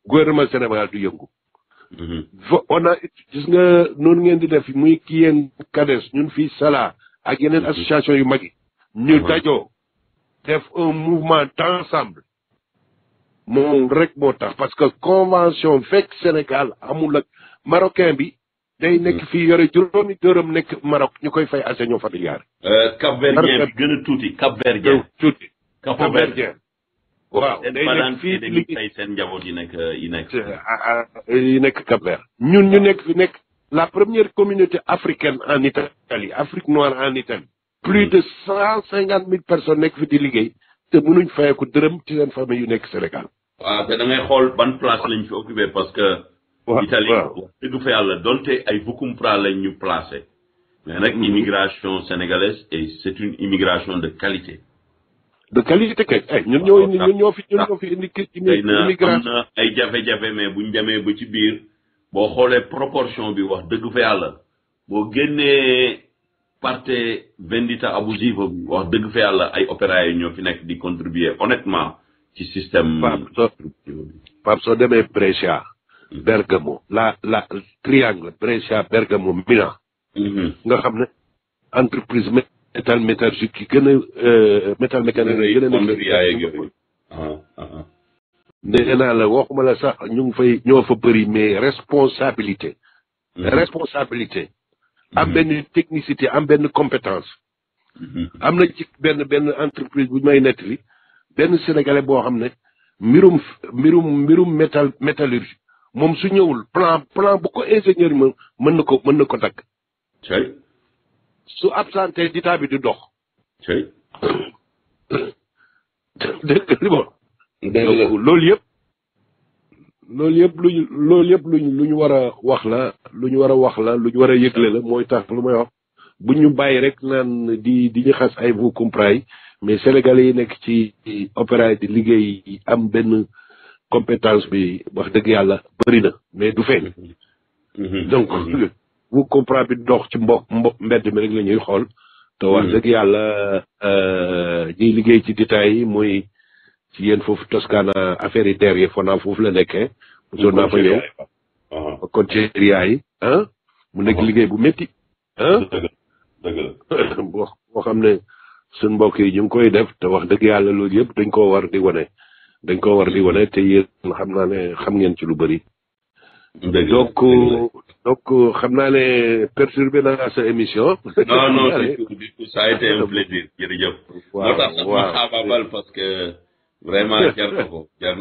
Speaker 3: gouvernement Sénégal du yëngu. Mm-hmm. on a gis noonu ngeen di def muy kii yeen Kades ñun fii Sala ak yeneen mm-hmm. association yu mag yi. ñu dajoo def un mouvement d'ensemble. moom rek moo tax parce que convention fekk Sénégal amul ak marocain bi. day mm-hmm. nekk fii yore juróomi dërëm nekk Maroc ñu koy fay assegno familiare. Euh,
Speaker 2: Cap-Verdien bi gën a tuuti Cap-Verdien.
Speaker 3: tuuti Cap-Verdien.
Speaker 2: waaw day nekk
Speaker 3: fii liggéey seen njaboot yi nekk yi nekk. yi nekk cap ñun ñu nekk fi nekk la première communauté africaine en Italie Afrique noire en Italie. plus mm-hmm. de cent cinquante mille personnes nekk fi di liggéey te mënuñ fayeeku dërëm ci seen famille yu nekk Sénégal.
Speaker 2: waaw te da xool ban place lañ fi occupé parce Italie dëgg fa yàlla donte ay Bukumpra lañ ñu placé. mais nag mm-hmm. immigration sénégalaise et c'est une immigration de qualité. de
Speaker 3: qualité kay ay eh,
Speaker 2: ñun ñoo indi ñun ñoo fi ñun ñoo
Speaker 3: fi indi
Speaker 4: immigration
Speaker 2: na ay jafe-jafe mais buñ demee ba ci biir boo xoolee proportion bi wax dëgg fa yàlla boo génnee parte vendita abusive bi wax dëgg fa yàlla ay opéra yi ñoo fi nekk di contribuer honnêtement ci système. Pape
Speaker 3: soo Pape soo demee Brescia Bergamo la la triangle Brescia Bergamo Milan. Mhm. nga xam ne entreprise métal métallurgique yi gën a euh, métal mécanique yeneen. am ah, ah ah nee naa la waxuma la sax ñu ngi fay ñoo fa bëri mais responsabilité. Mhm. responsabilité. am mhm. benn technicité am benn compétence. amna ci benn benn entreprise bu may netti benn sénégalais bo xam mirum mirum mirum métal métallurgie. moom su ñëwul plan plan bu ko ingénieur moom mën na ko mën na ko dagg. su absenté ditaa bi du dox. dégg loolu yëpp. loolu yëpp lu ñu loolu yëpp luñ lu ñu war a wax la lu ñu war a wax la lu ñu war a yëgle la mooy tax lu may wax bu ñu bàyyi rek naan di di ñu xas ay vous comprenez mais sénégalais yi nekk ci opéra di liggéey am benn. compétence bi wax dëgg yàlla bëri na mais du feeñ. Mm-hmm. donc bu [LAUGHS] contrat bi dox ci mbo mbo mbedd mi rek la ñuy xool. te wax mm-hmm. dëgg yàlla euh, ñuy liggéey ci détails yi muy ci yéen foofu Toscana euh, affaire yi der yi Fona foofu la nekkee. mosoon naa fa ñëw ah. conchéria yi mu nekk ah. liggéey bu métti. ah [COUGHS] boo xam ne sun mbokk yi ñu ngi koy def te wax dëgg yàlla loolu yëpp dañ koo war di wone dañ ko war di wane te yéen xam naa xam ngeen ci lu bëri. donc xam naa ne perturbé naa sa émission. non non [LAUGHS] du
Speaker 2: tout ça a été un plaisir jërëjëf. waaw waaw moo tax sax xaabaabal parce que. vraiment [LAUGHS] jar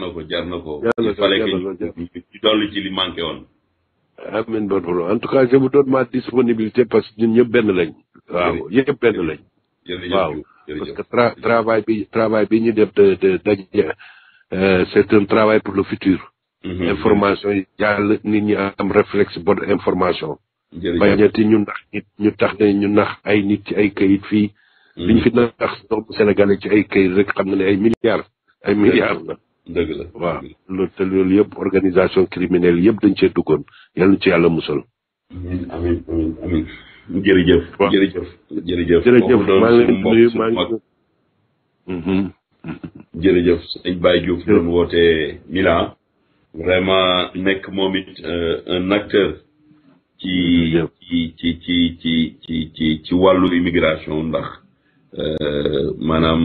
Speaker 2: na ko jar
Speaker 3: tout cas je vous donne ma disponibilité parce que ñun ñëpp benn lañ. waaw yëpp benn lañ.
Speaker 2: waaw parce que
Speaker 3: travail bi bi ñu def de de Euh, c'est un travail pour le futur. Mhm. information jàll nit ñi am réflexe bonne information.
Speaker 2: jërëjëf bañati
Speaker 3: ñu nax nit ñu tax ne ñu nax ay nit ci ay kayit fii. Mhm. li ñu fi nax doomu Sénégalais ci ay kayit rek xam na ne ay milliards. ay milliards la. dëgg la waaw loolu te loolu yëpp organisation criminelle yëpp dañ cee duggoon yal na ci yàlla musal. amiin amiin
Speaker 2: amiin jërëjëf añ sëñ Baye Diouf doon woote Milan vraiment nekk moom it euh, un acteur ci ci ci ci ci ci ci ci wàllu immigration ndax euh, maanaam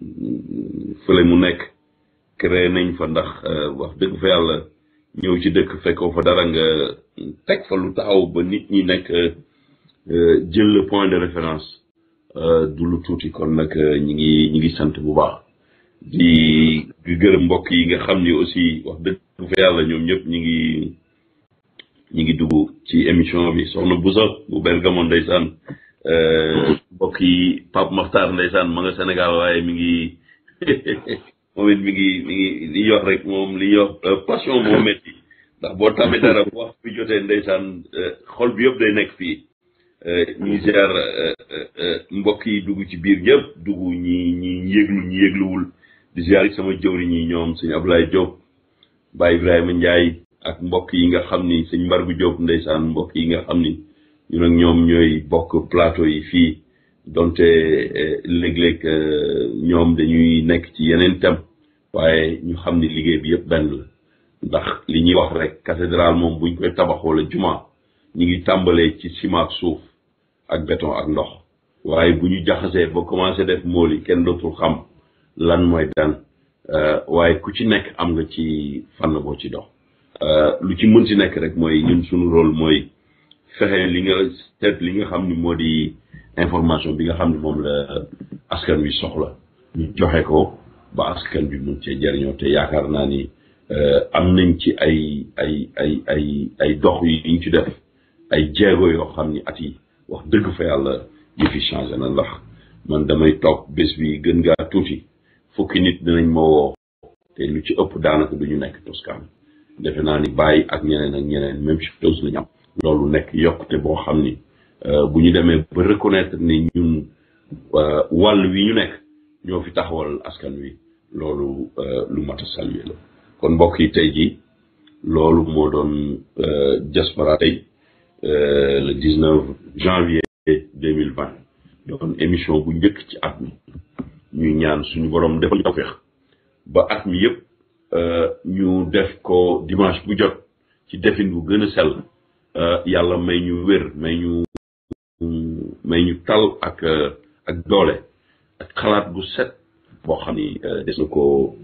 Speaker 2: mm, fële mu nekk créé nañ fa ndax euh, wax dëgg fa yàlla ñëw ci dëkk fekkoo fa dara nga teg fa lu taxaw ba nit ñi nekk jël le point de référence du lu tuuti kon nag ñi ngi ñi ngi sant bu baax di di gërëm mbokk yi nga xam ni aussi wax dëgg fa yàlla ñoom ñëpp ñi ngi ñi ngi dugg ci émission bi soxna Boussa bu Bergamo ndeysaan euh, mbokk yi Pape Makhtar ndeysaan ma nga Sénégal waaye mi ngi [LAUGHS] moom mi ngi mi ngi li yox rek moom li yox euh, passion moo métti ndax boo tàmmee dara bu wax bi jotee ndeysaan euh, xol bi yëpp day nekk fii ñi ziar mbokk yi dugg ci biir ñëpp dugg ñi ñi yëglu ñi yëgluwul di ziar sama jëwriñ yi ñoom ab sëñ Abdoulaye Diop Baye Ibrahima Ndiaye ak mbokk yi nga xam ni mbar Mbargu Diop ndeysaan mbokk yi nga xam ni ñu ak ñoom bokk plateau yi fii donte eh, léeg-léeg eh, ñoom dañuy nekk ci yeneen thème waaye ñu xam ni liggéey bi yëpp benn la ndax li ñuy wax rek cathédrale moom buñ koy tabax wala juma ñu ngi tàmbalee ci ciment suuf ak béton ak ndox waaye bu ñu jaxasee ba commencé def mool yi kenn dootul xam lan mooy daan euh, waaye ku ci nekk am la ci fànn boo ci dox euh, lu ci mën si nekk rek mooy ñun suñu rôle mooy fexe li nga seet li nga xam ni moo di information bi nga xam ne moom la askan wi soxla ñu joxe ko ba askan bi mun cee jëriñoo te yaakaar naa ni euh, am nañ ci ay ay ay ay ay dox yi ñu ci def ay jéego yoo xam ni at yi wax dëgg fa yàlla yëfi changé na ndax man damay toog bés bi gën ngaa tuuti fukki nit dinañ ma woo te lu ci ëpp daanaka du ñu nekk Toscane defe naa ni bàyyi ak ñeneen ak ñeneen même chose la ñu am loolu nekk yokkute boo xam ni euh, bu ñu demee ba reconnaître ni ñun euh, wàll wi ñu nekk ñoo fi taxawal askan wi loolu euh, lu mat a la kon mbokk yi tey jii loolu moo doon diaspora tey le 19 janvier 2020 doon émission bu njëkk ci at mi ñuy ñaan suñu borom defal ñu tawféex ba at mi yëpp euh, ñu def ko dimanche bu jot ci defin bu gën a sell euh, yàlla may ñu wér may ñu may ñu tal ak euh, ak doole ak xalaat gu set boo xam ni des na ko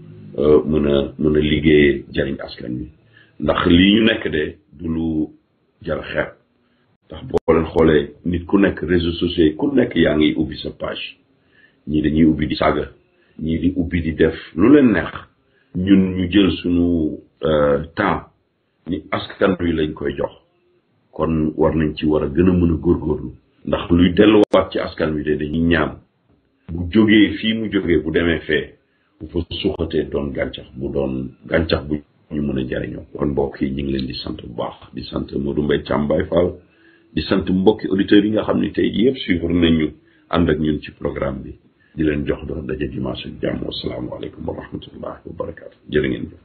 Speaker 2: mën a mën a liggéey jariñ askan wi ndax lii ñu nekk de du lu jar xeet ndax boo leen xoolee nit ku nekk réseaux sociaux ku nekk yaa ngi ubbi sa page ñi dañuy ubbi di saaga ñi di ubbi di def lu leen neex ñun ñu jël suñu euh, temps ni askan wi lañ koy jox kon war nañ ci war a gën a mën a góorgóorlu ndax luy delluwaat ci askan wi de dañuy ñaan bu jógee fii mu jógee bu demee fee bu fa suxatee doon gàncax bu doon gàncax bu ñu mën a jariñoo kon mbokk yi ñu ngi leen di sant bu baax di sant Modou Mbaye Thiam Baye Fall di sant mbokki auditeurs yi nga xam ne tey yëpp suivre nañ ñu ànd ak ñun ci programme bi di leen jox dox daje dimanche ak jàmm wasalaamualeykum wa rahmatullahi wa barakaatu jërë ngeen jëf